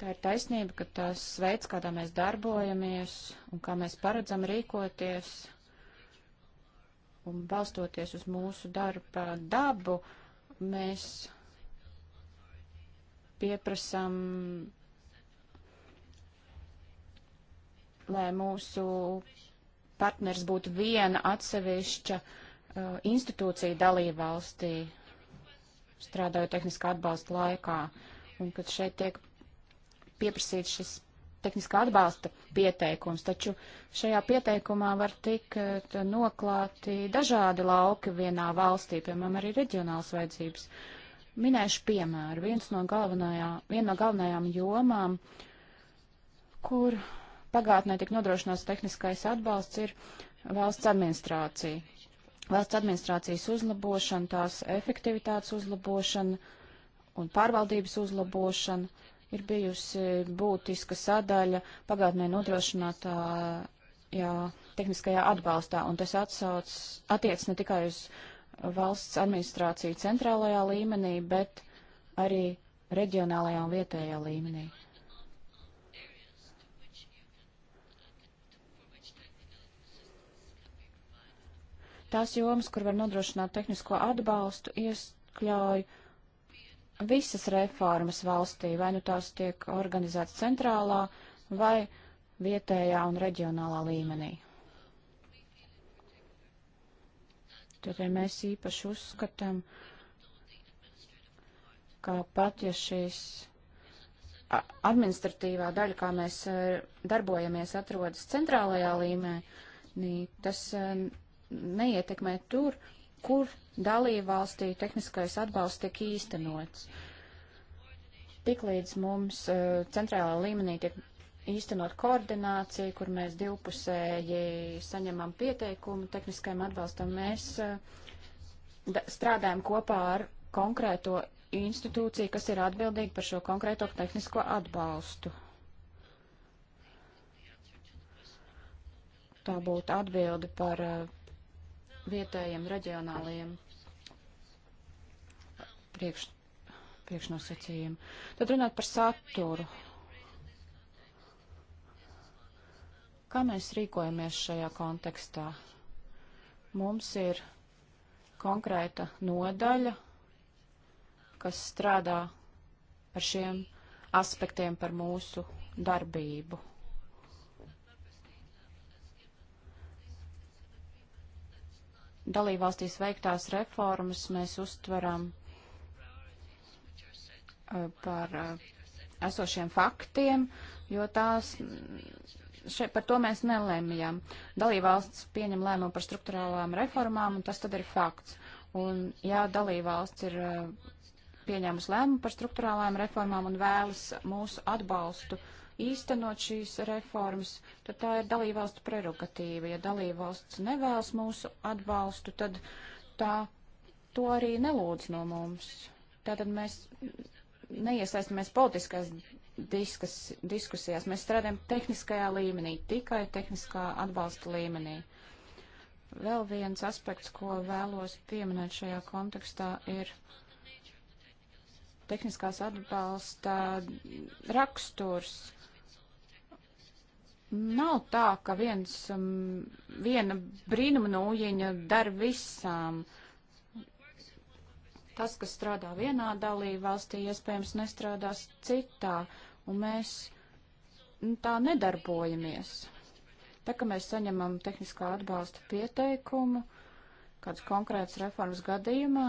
S2: Tā ir taisnība, ka tas veids, kādā mēs darbojamies un kā mēs paredzam rīkoties un balstoties uz mūsu darba dabu, mēs pieprasam, lai mūsu partners būtu viena atsevišķa uh, institūcija dalībvalstī, strādājot tehniskā atbalsta laikā, un kad šeit tiek pieprasīts šis tehniskā atbalsta pieteikums, taču šajā pieteikumā var tikt uh, noklāti dažādi lauki vienā valstī, piemēram, arī reģionāls vajadzības. Minēšu piemēru, viens no galvenajā, viena no galvenajām jomām, kur pagātnē tik nodrošināts tehniskais atbalsts ir valsts administrācija. Valsts administrācijas uzlabošana, tās efektivitātes uzlabošana un pārvaldības uzlabošana ir bijusi būtiska sadaļa pagātnē nodrošinātā jā, tehniskajā atbalstā, un tas atsauc, attiec ne tikai uz valsts administrāciju centrālajā līmenī, bet arī reģionālajā un vietējā līmenī. Tās jomas, kur var nodrošināt tehnisko atbalstu, ieskļauj visas reformas valstī, vai nu tās tiek organizētas centrālā vai vietējā un reģionālā līmenī. Tādēļ mēs īpaši uzskatām, ka pat ja šīs administratīvā daļa, kā mēs e, darbojamies, atrodas centrālajā līmenī, tas e, neietekmē tur, kur dalībvalstī tehniskais atbalsts tiek īstenots. Tiklīdz mums uh, centrālā līmenī tiek īstenot koordināciju, kur mēs divpusēji saņemam pieteikumu tehniskajam atbalstam, mēs uh, strādājam kopā ar konkrēto institūciju, kas ir atbildīga par šo konkrēto tehnisko atbalstu. Tā būtu atbilde par uh, vietējiem reģionālajiem priekš, priekšnosacījumiem. Tad runāt par saturu. Kā mēs rīkojamies šajā kontekstā? Mums ir konkrēta nodaļa, kas strādā ar šiem aspektiem par mūsu darbību. dalībvalstīs veiktās reformas mēs uztveram eh, par eh, esošiem faktiem, jo tās, mm, še, par to mēs nelēmjam. Dalībvalsts pieņem lēmumu par struktūrālām reformām, un tas tad ir fakts. Un ja dalībvalsts ir eh, pieņēmusi lēmumu par struktūrālām reformām un vēlas mūsu atbalstu, uh, īstenot šīs reformas, tad tā ir dalībvalstu prerogatīva. Ja dalībvalsts nevēlas mūsu atbalstu, tad tā to arī nelūdz no mums. Tātad mēs neiesaistamies politiskās diskas, diskusijās, mēs strādājam tehniskajā līmenī, tikai tehniskā atbalsta līmenī. Vēl viens aspekts, ko vēlos pieminēt šajā kontekstā, ir tehniskās atbalsta raksturs. Nav tā, ka viens, um, viena brīnuma nūjiņa dar visām. Tas, kas strādā vienā dalība valstī, iespējams nestrādās citā, un mēs nu, tā nedarbojamies. Tā kā mēs saņemam tehniskā atbalsta pieteikumu, kāds konkrēts reformas gadījumā,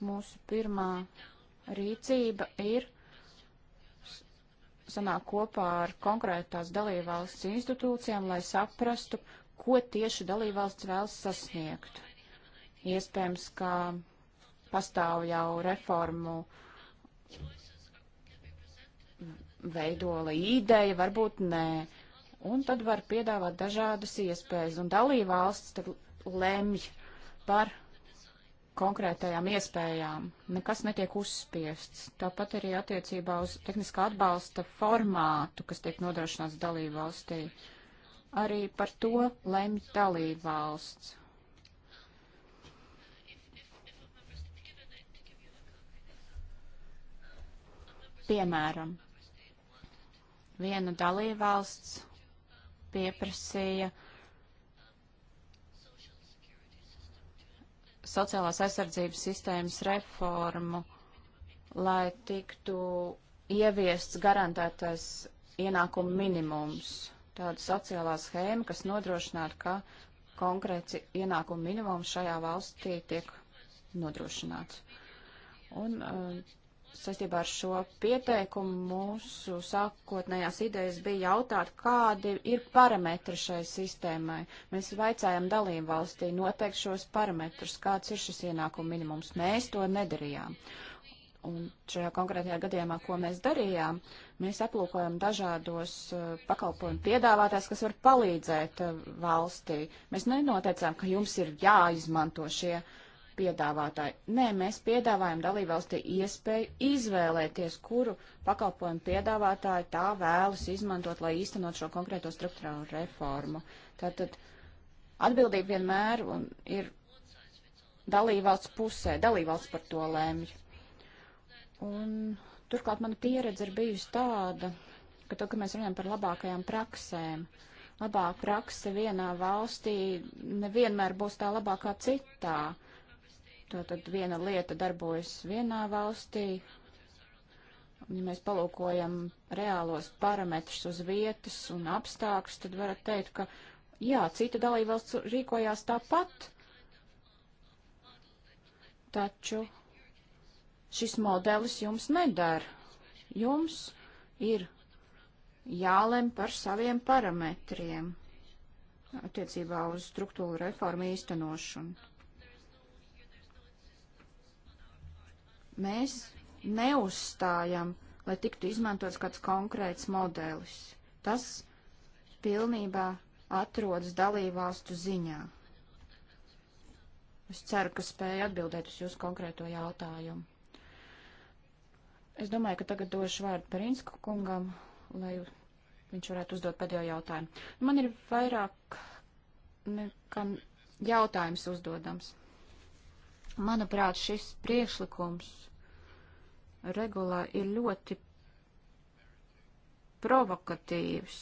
S2: mūsu pirmā rīcība ir sanāk kopā ar konkrētās dalībvalsts institūcijām, lai saprastu, ko tieši dalībvalsts vēlas sasniegt. Iespējams, ka pastāv jau reformu veidola ideja, varbūt nē. Un tad var piedāvāt dažādas iespējas, un dalībvalsts tad lemj par konkrētajām iespējām. Nekas netiek uzspiests. Tāpat arī attiecībā uz tehniskā atbalsta formātu, kas tiek nodrošināts dalību valstī. Arī par to lemj dalību valsts. Piemēram, viena dalībvalsts pieprasīja uh, sociālās aizsardzības sistēmas reformu, lai tiktu ieviests garantētais ienākuma minimums, tāda sociālā schēma, kas nodrošinātu, ka konkrēts ienākuma minimums šajā valstī tiek nodrošināts. Un uh, saistībā ar šo pieteikumu mūsu sākotnējās idejas bija jautāt, kādi ir parametri šai sistēmai. Mēs vaicājām dalību valstī noteikt šos parametrus, kāds ir šis ienākuma minimums. Mēs to nedarījām. Un šajā konkrētajā gadījumā, ko mēs darījām, mēs aplūkojam dažādos uh, pakalpojumu piedāvātājs, kas var palīdzēt uh, valstī. Mēs nenoteicām, ka jums ir jāizmanto šie uh, piedāvātāji. Nē, mēs piedāvājam dalībvalstī iespēju izvēlēties, kuru pakalpojumu piedāvātāji tā vēlas izmantot, lai īstenot šo konkrēto struktūrālu reformu. Tātad atbildība vienmēr ir dalībvalsts pusē, dalībvalsts par to lēmj. Un turklāt mana pieredze ir bijusi tāda, ka to, ka mēs runājam par labākajām praksēm, labā prakse vienā valstī nevienmēr būs tā labākā citā. Uh, Tātad viena lieta darbojas vienā valstī, un ja mēs palūkojam reālos parametrus uz vietas un apstākļus, tad varat teikt, ka jā, cita dalībvalsts rīkojās tāpat, taču šis modelis jums nedara. Jums ir jālem par saviem parametriem attiecībā uz struktūra reformu īstenošanu. Mēs neuzstājam, lai tiktu izmantots kāds konkrēts modelis. Tas pilnībā atrodas dalībvalstu ziņā. Es ceru, ka spēju atbildēt uz jūsu konkrēto jautājumu. Es domāju, ka tagad došu vārdu Perinsku kungam, lai viņš varētu uzdot pēdējo jautājumu. Man ir vairāk nekā jautājums uzdodams. Manuprāt, šis priekšlikums regulā ir ļoti provokatīvs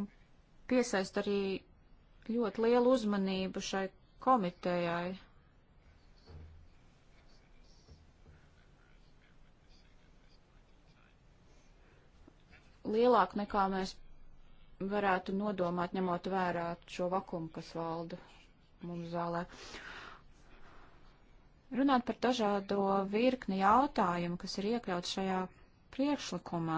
S2: un piesaist arī ļoti lielu uzmanību šai komitejai. Lielāk nekā mēs varētu nodomāt, ņemot vērā šo vakumu, kas valda mums zālē. Runāt par dažādo virkni jautājumu, kas ir iekļauts šajā priekšlikumā.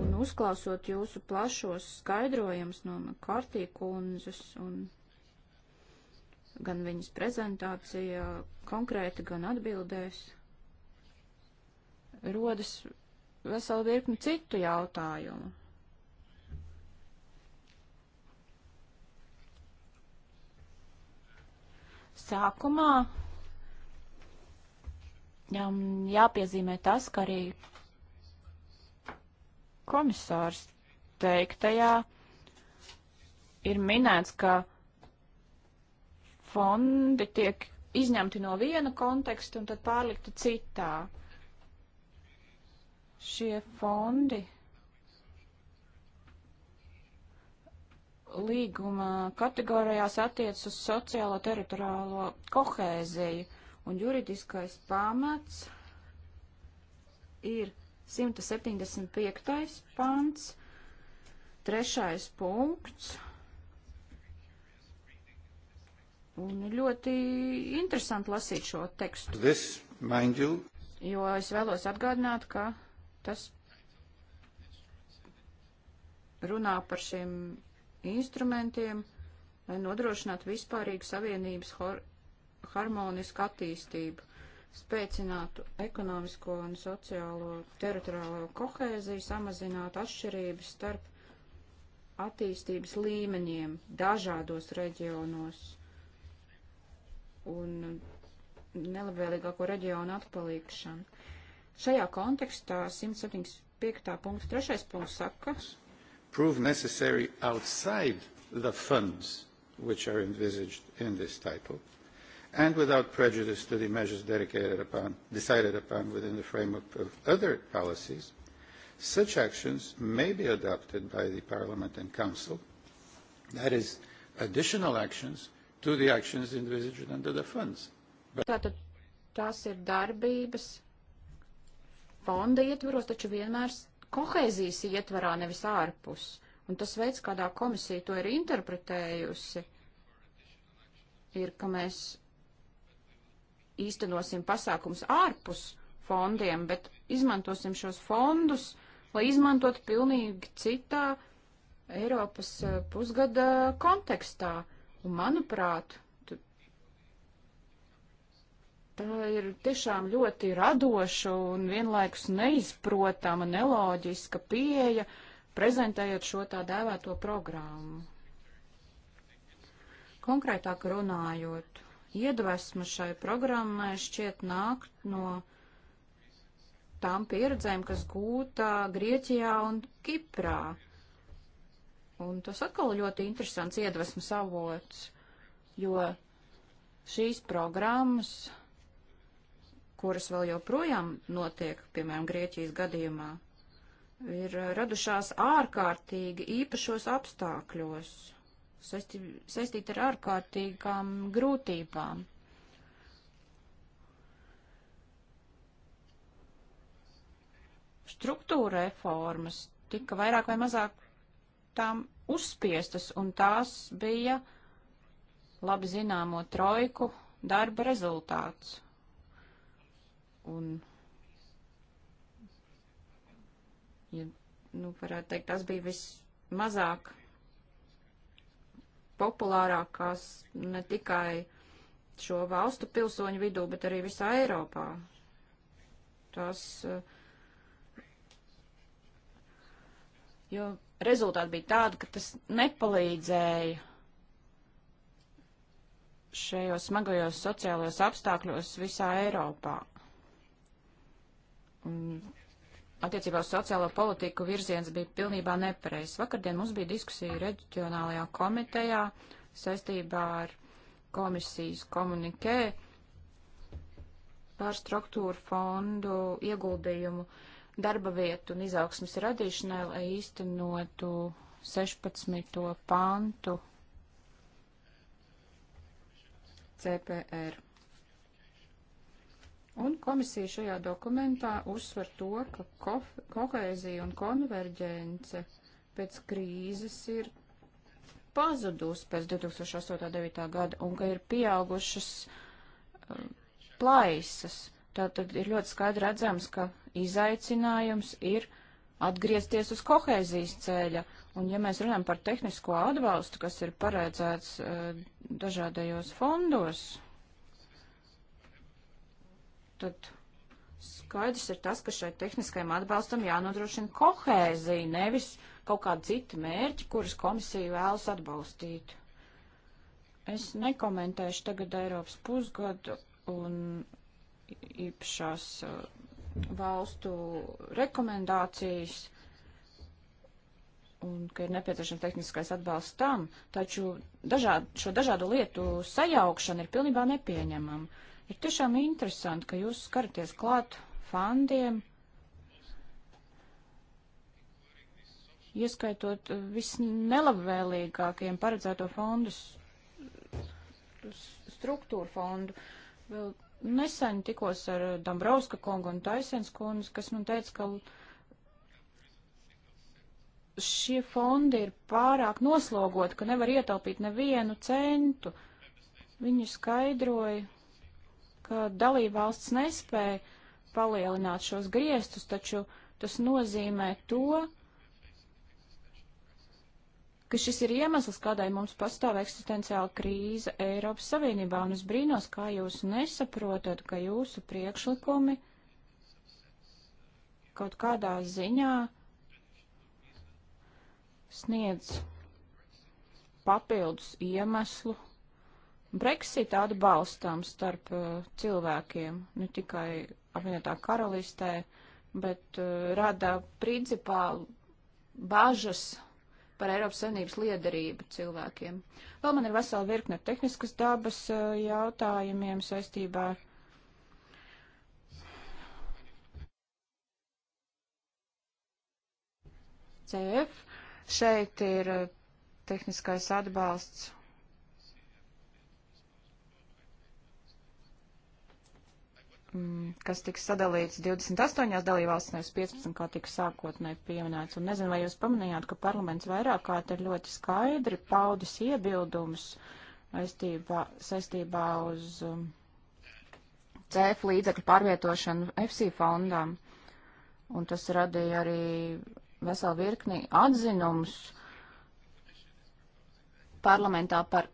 S2: Un uzklausot jūsu plašos skaidrojumus no Kārtīkundzes un gan viņas prezentācijā, konkrēti gan atbildēs, rodas vesela virkni citu jautājumu. sākumā jāpiezīmē tas, ka arī komisārs teiktajā ir minēts, ka fondi tiek izņemti no viena konteksta un tad pārlikti citā. Šie fondi līguma kategorijās attiec uz sociālo teritoriālo kohēziju, un juridiskais pamats ir 175. pants, trešais punkts. Un ļoti interesanti lasīt šo tekstu. This, jo es vēlos atgādināt, ka tas runā par šiem instrumentiem, lai nodrošinātu vispārīgu savienības har harmonisku attīstību, spēcinātu ekonomisko un sociālo teritoriālo kohēziju, samazinātu atšķirības starp attīstības līmeņiem dažādos reģionos un nelabvēlīgāko reģionu atpalikšanu. Šajā kontekstā 175. punkts, trešais punkts saka, prove necessary outside the funds which are envisaged in this title, and without prejudice to the measures dedicated upon, decided upon within the framework of other policies, such actions may be adopted by the Parliament and Council, that is, additional actions to the actions envisaged under the funds. But Tātad tās ir darbības fonda ietvaros, taču vienmēr kohēzijas ietvarā, nevis ārpus. Un tas veids, kādā komisija to ir interpretējusi, ir, ka mēs īstenosim pasākums ārpus fondiem, bet izmantosim šos fondus, lai izmantotu pilnīgi citā Eiropas eh, pusgada kontekstā. Un, manuprāt, Tā ir tiešām ļoti radoša un vienlaikus neizprotama, neloģiska pieeja, prezentējot šo tā dēvēto programmu. Konkrētāk runājot, iedvesma šai programmai šķiet nākt no tām pieredzēm, kas gūta Grieķijā un Kiprā. Un tas atkal ļoti interesants iedvesmas avots, jo šīs programmas kuras vēl joprojām notiek, piemēram, Grieķijas gadījumā, ir radušās ārkārtīgi īpašos apstākļos, saistīti ar ārkārtīgām grūtībām. Struktūra reformas tika vairāk vai mazāk tām uzspiestas, un tās bija labi zināmo trojku darba rezultāts un, ja, nu, varētu teikt, tas bija vismazāk populārākās ne tikai šo valstu pilsoņu vidū, bet arī visā Eiropā. Tas, eh, jo rezultāti bija tādi, ka tas nepalīdzēja šajos smagajos sociālajos apstākļos visā Eiropā attiecībā uz sociālo politiku virziens bija pilnībā nepareizs. Vakardien mums bija diskusija reģionālajā komitejā saistībā ar komisijas komunikē par struktūru fondu ieguldījumu darba vietu un izaugsmas radīšanai, lai īstenotu 16. pantu CPR. Un komisija šajā dokumentā uzsver to, ka ko kohēzija un konverģence pēc krīzes ir pazudusi pēc 2008.9. gada un ka ir pieaugušas um, plaisas. Tātad ir ļoti skaidri redzams, ka izaicinājums ir atgriezties uz kohēzijas ceļa. Un ja mēs runājam par tehnisko atbalstu, kas ir paredzēts uh, dažādajos fondos, tad skaidrs ir tas, ka šai tehniskajam atbalstam jānodrošina kohēzija, nevis kaut kāda cita mērķa, kuras komisija vēlas atbalstīt. Es nekomentēšu tagad Eiropas pusgadu un īpašās uh, valstu rekomendācijas un ka ir nepieciešams tehniskais atbalsts tam, taču dažād, šo dažādu lietu sajaukšana ir pilnībā nepieņemama. Ir tiešām interesanti, ka jūs skaraties klāt fandiem, ieskaitot visnelabvēlīgākajiem paredzēto fondu struktūru fondu. Vēl nesen tikos ar Dambrauska kungu un Taisens kundzi, kas man teica, ka šie fondi ir pārāk noslogoti, ka nevar ietaupīt nevienu centu. Viņi skaidroja, ka dalībvalsts nespēja palielināt šos griestus, taču tas nozīmē to, ka šis ir iemesls, kādai mums pastāv eksistenciāla krīze Eiropas Savienībā, un es brīnos, kā jūs nesaprotat, ka jūsu priekšlikumi kaut kādā ziņā sniedz papildus iemeslu Brexit atbalstam starp uh, cilvēkiem, ne tikai apvienotā karalistē, bet uh, rada principā bažas par Eiropas Savienības liederību cilvēkiem. Vēl man ir vesela virkne tehniskas dabas uh, jautājumiem saistībā ar CF. Šeit ir uh, tehniskais atbalsts Mm, kas tiks sadalīts 28 dalībvalstīs, nevis 15, kā tika sākotnēji pieminēts. Un nezinu, vai jūs pamanījāt, ka parlaments vairāk kārt ir ļoti skaidri paudis iebildumus saistībā, saistībā uz um, CF līdzekļu pārvietošanu FC fondām. Un tas radīja arī veselu virkni atzinums parlamentā par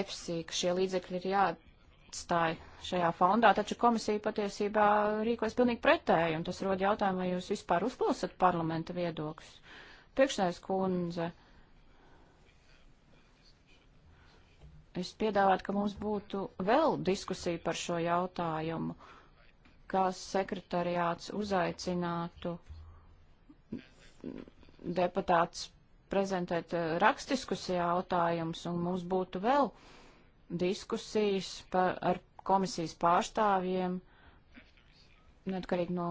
S2: EFSI, ka šie līdzekļi ir jāatbalsta jāatstāj šajā fondā, taču komisija patiesībā rīkojas pilnīgi pretēji, un tas rod jautājumu, vai jūs vispār uzklausat parlamenta viedokļus. Priekšnēs kundze, es piedāvātu, ka mums būtu vēl diskusija par šo jautājumu, kas sekretariāts uzaicinātu deputāts prezentēt eh, rakstiskus jautājumus, un mums būtu vēl diskusijas par, ar komisijas pārstāvjiem, neatkarīgi no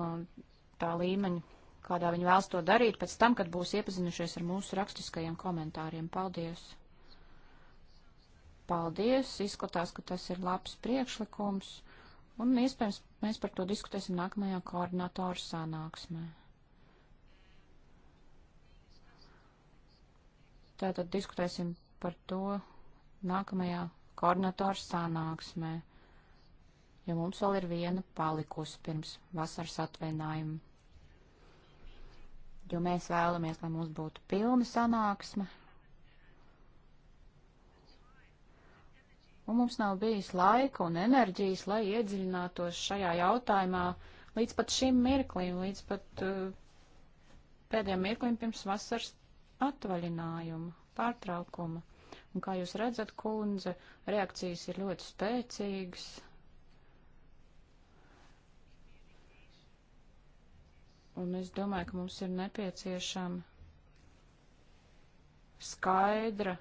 S2: tā līmeņa, kādā viņi vēlas to darīt, pēc tam, kad būs iepazinušies ar mūsu rakstiskajiem komentāriem. Paldies! Paldies! Izskatās, ka tas ir labs priekšlikums, un iespējams mēs par to diskutēsim nākamajā koordinātoru sanāksmē. Tātad diskutēsim par to nākamajā koordinatoru sanāksmē, jo mums vēl ir viena palikusi pirms vasaras atvainājuma. Jo mēs vēlamies, lai mums būtu pilna sanāksme. Un mums nav bijis laika un enerģijas, lai iedziļinātos šajā jautājumā līdz pat šim mirklim, līdz pat uh, pēdējiem mirklim pirms vasaras atvaļinājuma, pārtraukuma. Un kā jūs redzat, kundze, reakcijas ir ļoti spēcīgas. Un es domāju, ka mums ir nepieciešama skaidra,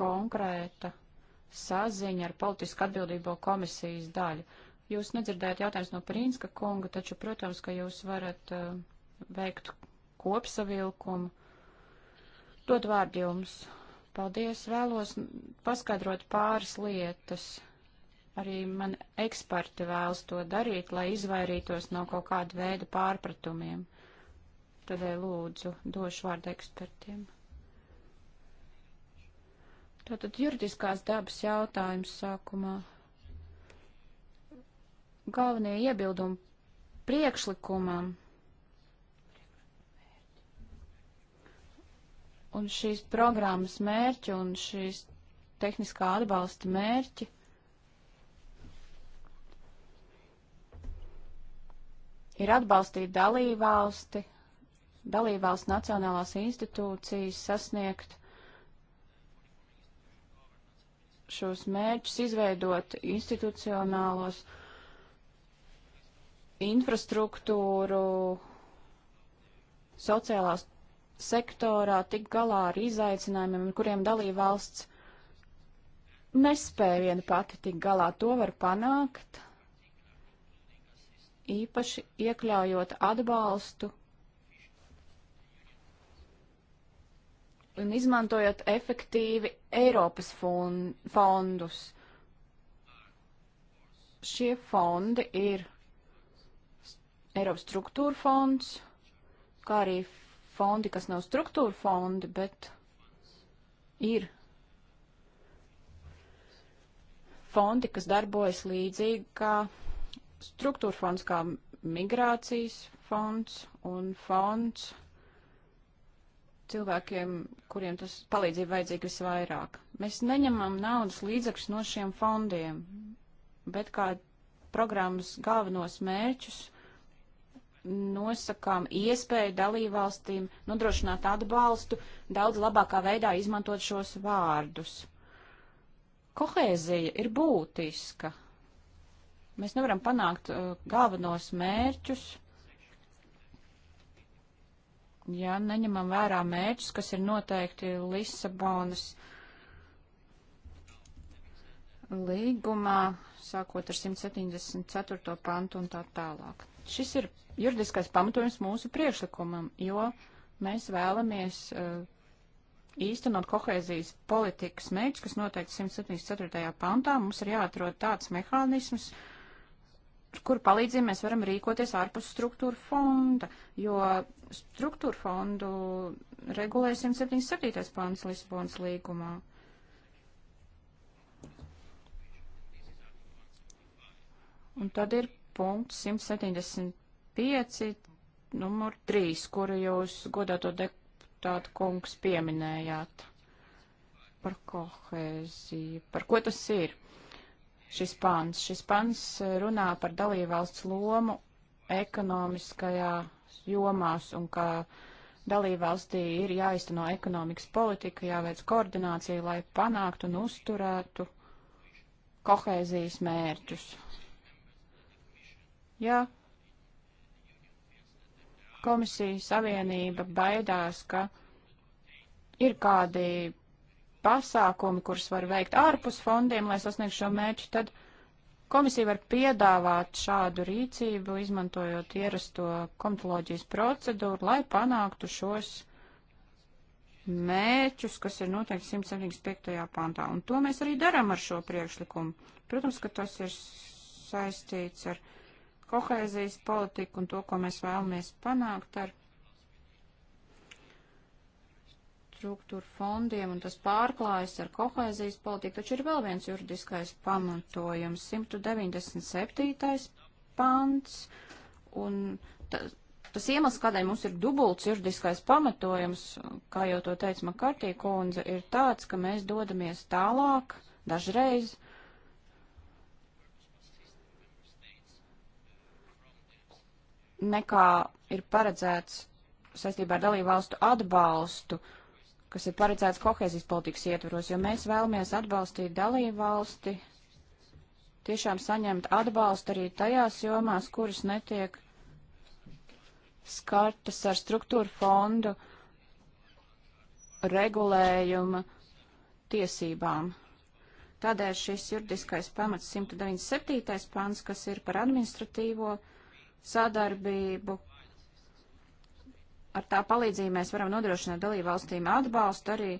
S2: konkrēta saziņa ar politisku atbildību komisijas daļu. Jūs nedzirdējat jautājums no Prīnska kunga, taču, protams, ka jūs varat uh, veikt kopsavilkumu Dod vārdu jums. Paldies, vēlos paskaidrot pāris lietas. Arī man eksperti vēlas to darīt, lai izvairītos no kaut kāda veida pārpratumiem. Tādēļ eh, lūdzu, došu vārdu ekspertiem. Tātad juridiskās dabas jautājums sākumā. Galvenie iebildumi priekšlikumam Un šīs programmas mērķi un šīs tehniskā atbalsta mērķi ir atbalstīt dalībvalsti, dalībvalsts nacionālās institūcijas sasniegt šos mērķus, izveidot institucionālos infrastruktūru, sociālās sektorā tikt galā ar izaicinājumiem, kuriem dalībvalsts nespēja viena pati tikt galā. To var panākt, īpaši iekļaujot atbalstu un izmantojot efektīvi Eiropas fondus. Šie fondi ir Eiropas struktūra fonds, kā arī fondi, kas nav struktūra fondi, bet ir fondi, kas darbojas līdzīgi kā struktūra fonds, kā migrācijas fonds un fonds cilvēkiem, kuriem tas palīdzība vajadzīga visvairāk. Mēs neņemam naudas līdzekļus no šiem fondiem, bet kā programmas galvenos mērķus – nosakām iespēju dalībvalstīm nodrošināt atbalstu daudz labākā veidā izmantot šos vārdus. Kohēzija ir būtiska. Mēs nevaram panākt uh, galvenos mērķus, ja neņemam vērā mērķus, kas ir noteikti Lisabonas līgumā, sākot ar 174. pantu un tā tālāk. Šis ir juridiskais pamatojums mūsu priekšlikumam, jo mēs vēlamies uh, īstenot kohēzijas politikas mērķus, kas noteikti 174. pantā. Mums ir jāatrod tāds mehānisms, kur palīdzību mēs varam rīkoties ārpus struktūra fonda, jo struktūra fondu regulē 177. pants Lisabonas līgumā. Un tad ir punkts 175, numur 3, kuru jūs godāto deputātu kungs pieminējāt par kohēziju. Par ko tas ir? Šis pants. Šis pants runā par dalībvalsts lomu ekonomiskajā jomās un kā dalībvalstī ir jāizteno ekonomikas politika, jāveic koordinācija, lai panāktu un uzturētu kohēzijas mērķus. Ja komisija savienība baidās, ka ir kādi pasākumi, kurus var veikt ārpus fondiem, lai sasniegtu šo mērķu, tad komisija var piedāvāt šādu rīcību, izmantojot ierasto komitoloģijas procedūru, lai panāktu šos mērķus, kas ir noteikti 175. pantā. Un to mēs arī darām ar šo priekšlikumu. Protams, ka tas ir saistīts ar kohēzijas politiku un to, ko mēs vēlamies panākt ar struktūru fondiem, un tas pārklājas ar kohēzijas politiku, taču ir vēl viens juridiskais pamatojums - 197. pants, un ta, tas iemesls, kādēļ mums ir dubults juridiskais pamatojums, kā jau to teica Makartī kundze, ir tāds, ka mēs dodamies tālāk dažreiz nekā ir paredzēts saistībā ar dalību valstu atbalstu, kas ir paredzēts kohēzijas politikas ietvaros, jo mēs vēlamies atbalstīt dalību valsti, tiešām saņemt atbalstu arī tajās jomās, kuras netiek skartas ar struktūra fondu regulējuma tiesībām. Tādēļ šis juridiskais pamats 197. pants, kas ir par administratīvo uh, sadarbību. Ar tā palīdzību mēs varam nodrošināt dalībvalstīm atbalstu arī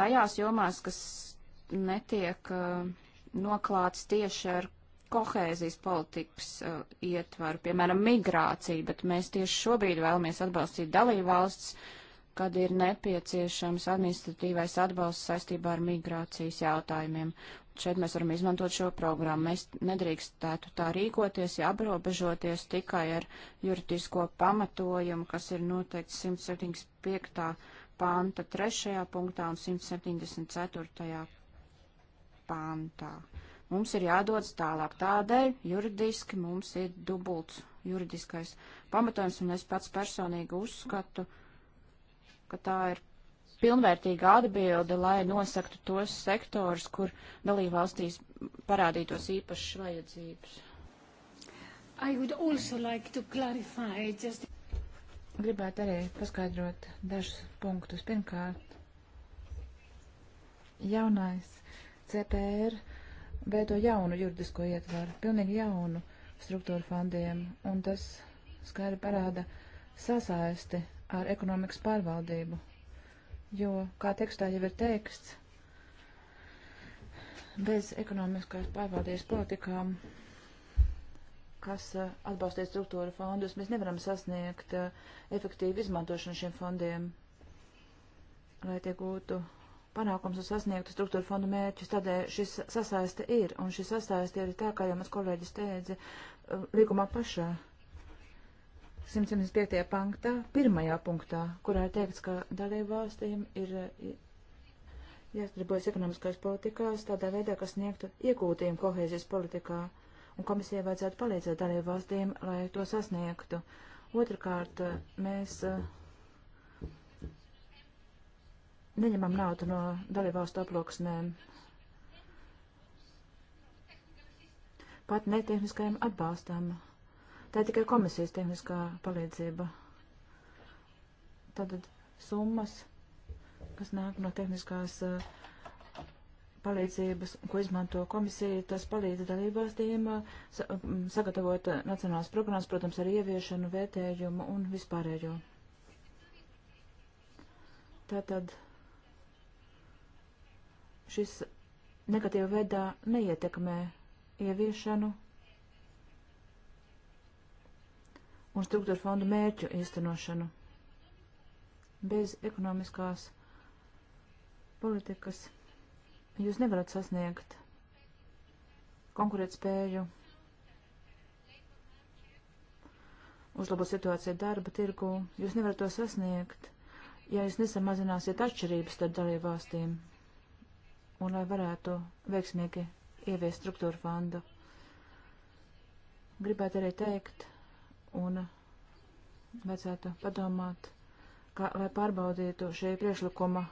S2: tajās jomās, kas netiek uh, noklāts tieši ar kohēzijas politikas uh, ietvaru, piemēram, migrācija, bet mēs tieši šobrīd vēlamies atbalstīt dalībvalsts, kad ir nepieciešams administratīvais atbalsts saistībā ar migrācijas jautājumiem šeit mēs varam izmantot šo programmu. Mēs nedrīkstētu tā rīkoties, ja aprobežoties tikai ar juridisko pamatojumu, kas ir noteikts 175. panta 3. punktā un 174. pantā. Mums ir jādodas tālāk. Tādēļ juridiski mums ir dubults juridiskais pamatojums, un es pats personīgi uzskatu, ka tā ir pilnvērtīga atbilde, lai nosaktu tos sektors, kur dalībvalstīs parādītos īpašas vajadzības. Like clarify, just... Gribētu
S1: arī paskaidrot dažus punktus.
S2: Pirmkārt,
S1: jaunais CPR veido jaunu juridisko ietvaru, pilnīgi jaunu struktūru fondiem, un tas skaidri parāda sasaisti ar ekonomikas pārvaldību jo, kā tekstā jau ir teiksts, bez ekonomiskās pārvaldības politikām, kas eh, atbalstīs struktūra fondus, mēs nevaram sasniegt eh, efektīvu izmantošanu šiem fondiem, lai tie gūtu panākums un sasniegtu struktūra fondu mērķus. Tādēļ šis sasaiste ir, un šis sasaiste ir tā, kā jau mans kolēģis teica, eh, līgumā pašā. 175. panktā, pirmajā punktā, kurā ir teikts, ka dalību valstīm ir jāsadarbojas ekonomiskās politikās tādā veidā, kas sniegtu iegūtījumu kohēzijas politikā, un komisijai vajadzētu palīdzēt dalību valstīm, lai to sasniegtu. Otrakārt, mēs eh, neņemam naudu no dalību valstu aploksnēm, pat netehniskajam atbalstam. Tā ir tikai komisijas tehniskā palīdzība. Tātad summas, kas nāk no tehniskās uh, palīdzības, ko izmanto komisija, tas palīdz dalībvalstīm uh, sa um, sagatavot uh, nacionālās programmas, protams, ar ieviešanu, vērtējumu un vispārējo. Tātad šis negatīva veidā neietekmē ieviešanu un struktūra fondu mērķu īstenošanu. Bez ekonomiskās politikas jūs nevarat sasniegt konkurētspēju, uzlabot situāciju darba tirgu. Jūs nevarat to sasniegt, ja jūs nesamazināsiet atšķirības starp dalībvalstīm un lai varētu veiksmīgi ieviest struktūra fondu. Gribētu arī teikt, un vajadzētu padomāt, kā, lai pārbaudītu šī priešlikuma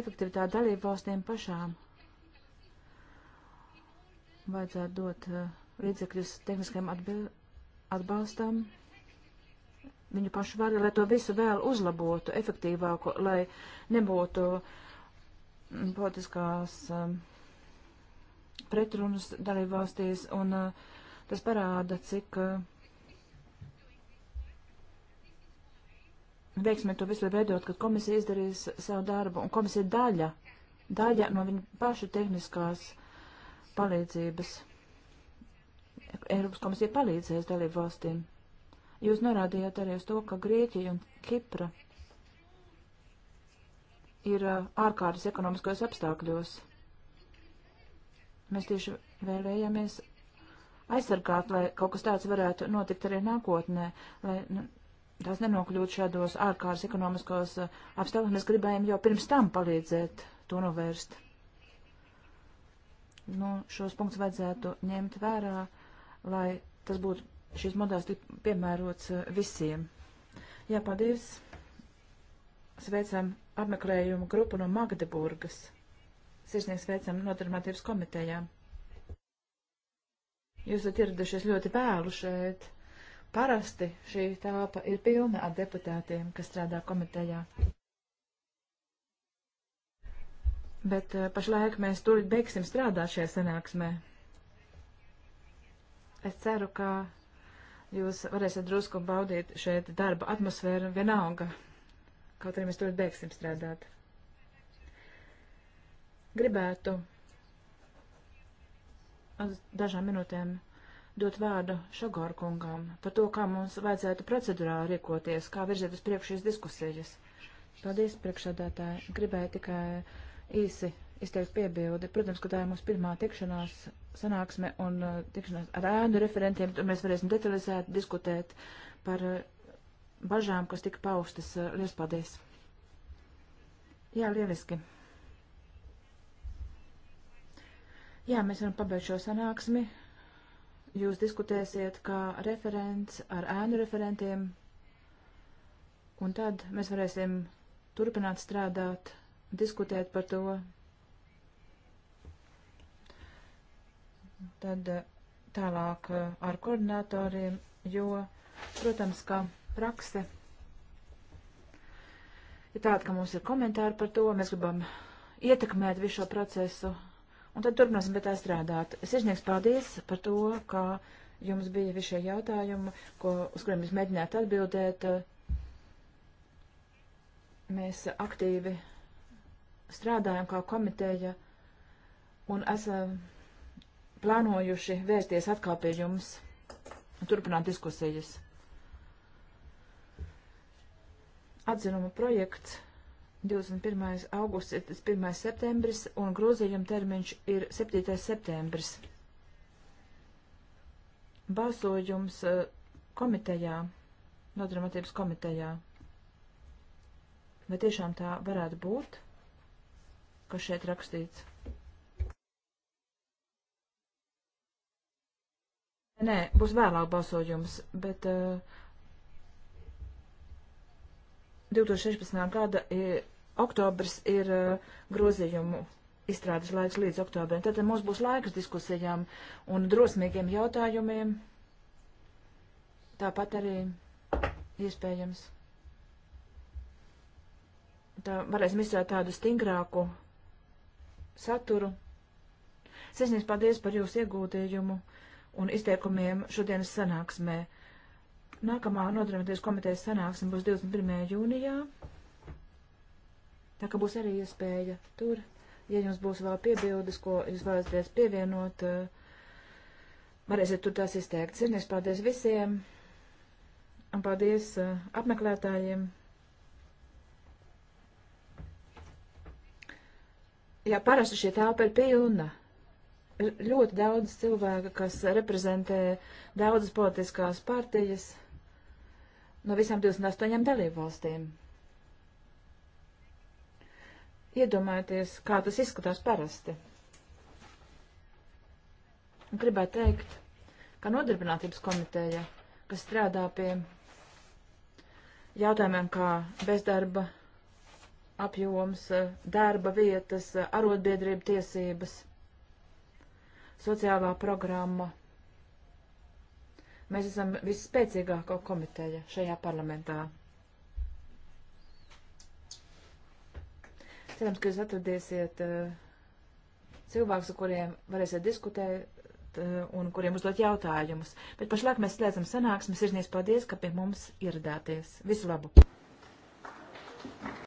S1: efektivitāti dalību valstīm pašām. Vajadzētu dot uh, līdzekļus tehniskajam atbalstam viņu pašu varu, lai to visu vēl uzlabotu, efektīvāku, lai nebūtu mm, politiskās um, pretrunas dalībvalstīs, un uh, tas parāda, cik uh, veiksmi to visu veidot, kad komisija izdarīs savu darbu, un komisija daļa, daļa no viņa paša tehniskās palīdzības. Eiropas komisija palīdzēs dalību valstīm. Jūs norādījāt arī uz to, ka Grieķija un Kipra ir uh, ārkārtas ekonomiskos apstākļos. Mēs tieši vēlējāmies aizsargāt, lai kaut kas tāds varētu notikt arī nākotnē, lai nu, tās nenokļūt šādos ārkārtas ekonomiskos eh, apstākļos. Mēs gribējām jau pirms tam palīdzēt to novērst. Nu, šos punktus vajadzētu ņemt vērā, lai tas būtu šis modelis tik piemērots eh, visiem. Jā, paldies. Sveicam apmeklējumu grupu no Magdeburgas. Sirsnieks sveicam nodarbinātības komitejām. Jūs esat ieradušies ļoti vēlu šeit. Parasti šī tāpa ir pilna ar deputātiem, kas strādā komitejā. Bet eh, pašlaik mēs tur beigsim strādāt šajā sanāksmē. Es ceru, ka jūs varēsiet drusku baudīt šeit darba atmosfēru vienalga, kaut arī mēs tur beigsim strādāt. Gribētu uz dažām minūtēm dot vārdu Šagor kungam par to, kā mums vajadzētu procedurāli rīkoties, kā virzēt uz priekšu šīs diskusijas. Paldies, priekšsādātāji. Gribēju tikai īsi izteikt piebildi. Protams, ka tā ir mūsu pirmā tikšanās sanāksme un uh, tikšanās ar ēnu referentiem, tur mēs varēsim detalizēt diskutēt par uh, bažām, kas tika paustas. Uh, Lielas paldies! Jā, lieliski! Jā, mēs varam pabeigt šo sanāksmi jūs diskutēsiet kā referents ar ēnu referentiem, un tad mēs varēsim turpināt strādāt, diskutēt par to. Tad eh, tālāk eh, ar koordinatoriem, jo, protams, kā prakse ir tāda, ka mums ir komentāri par to, mēs gribam ietekmēt visu šo procesu, Un tad turpināsim pie tā strādāt. Sirsnieks, paldies par to, ka jums bija visi šie jautājumi, ko, uz kuriem jūs mēģināt atbildēt. Mēs aktīvi strādājam kā komiteja un esam plānojuši vērsties atkal pie jums un turpināt diskusijas. Atzinuma projekts 21. augusts ir tas 1. septembris, un grozījuma termiņš ir 7. septembris. Balsojums eh, komitejā, nodarbinātības komitejā. Vai tiešām tā varētu būt, kas šeit rakstīts? Nē, būs vēlāk balsojums, bet uh, eh, 2016. gada ir oktobrs ir eh, grozījumu izstrādes laiks līdz oktobrim. Tad mums būs laiks diskusijām un drosmīgiem jautājumiem. Tāpat arī iespējams. Tā varēsim izstrādāt tādu stingrāku saturu. Sirsnīgs paldies par jūsu ieguldījumu un izteikumiem šodienas sanāksmē. Nākamā nodarbināties komitejas sanāksme būs 21. jūnijā. Tā ka būs arī iespēja tur, ja jums būs vēl piebildes, ko jūs vēlaties pievienot, eh, varēsiet tur tās izteikt. Sirdnieks paldies visiem un paldies eh, apmeklētājiem. Jā, parasti šī telpa ir pilna. Ir ļoti daudz cilvēku, kas reprezentē daudzas politiskās partijas no visām 28 dalību valstīm. Iedomājieties, kā tas izskatās parasti. Un gribētu teikt, ka nodarbinātības komiteja, kas strādā pie jautājumiem kā bezdarba apjoms, darba vietas, arotbiedrība tiesības, sociālā programma. Mēs esam visspēcīgākā komiteja šajā parlamentā. Cerams, ka jūs atradīsiet eh, cilvēkus, ar kuriem varēsiet diskutēt eh, un kuriem uzdot jautājumus. Bet pašlaik mēs slēdzam sanāksmes. Sirsnīgs paldies, ka pie mums ieradāties. Visu labu!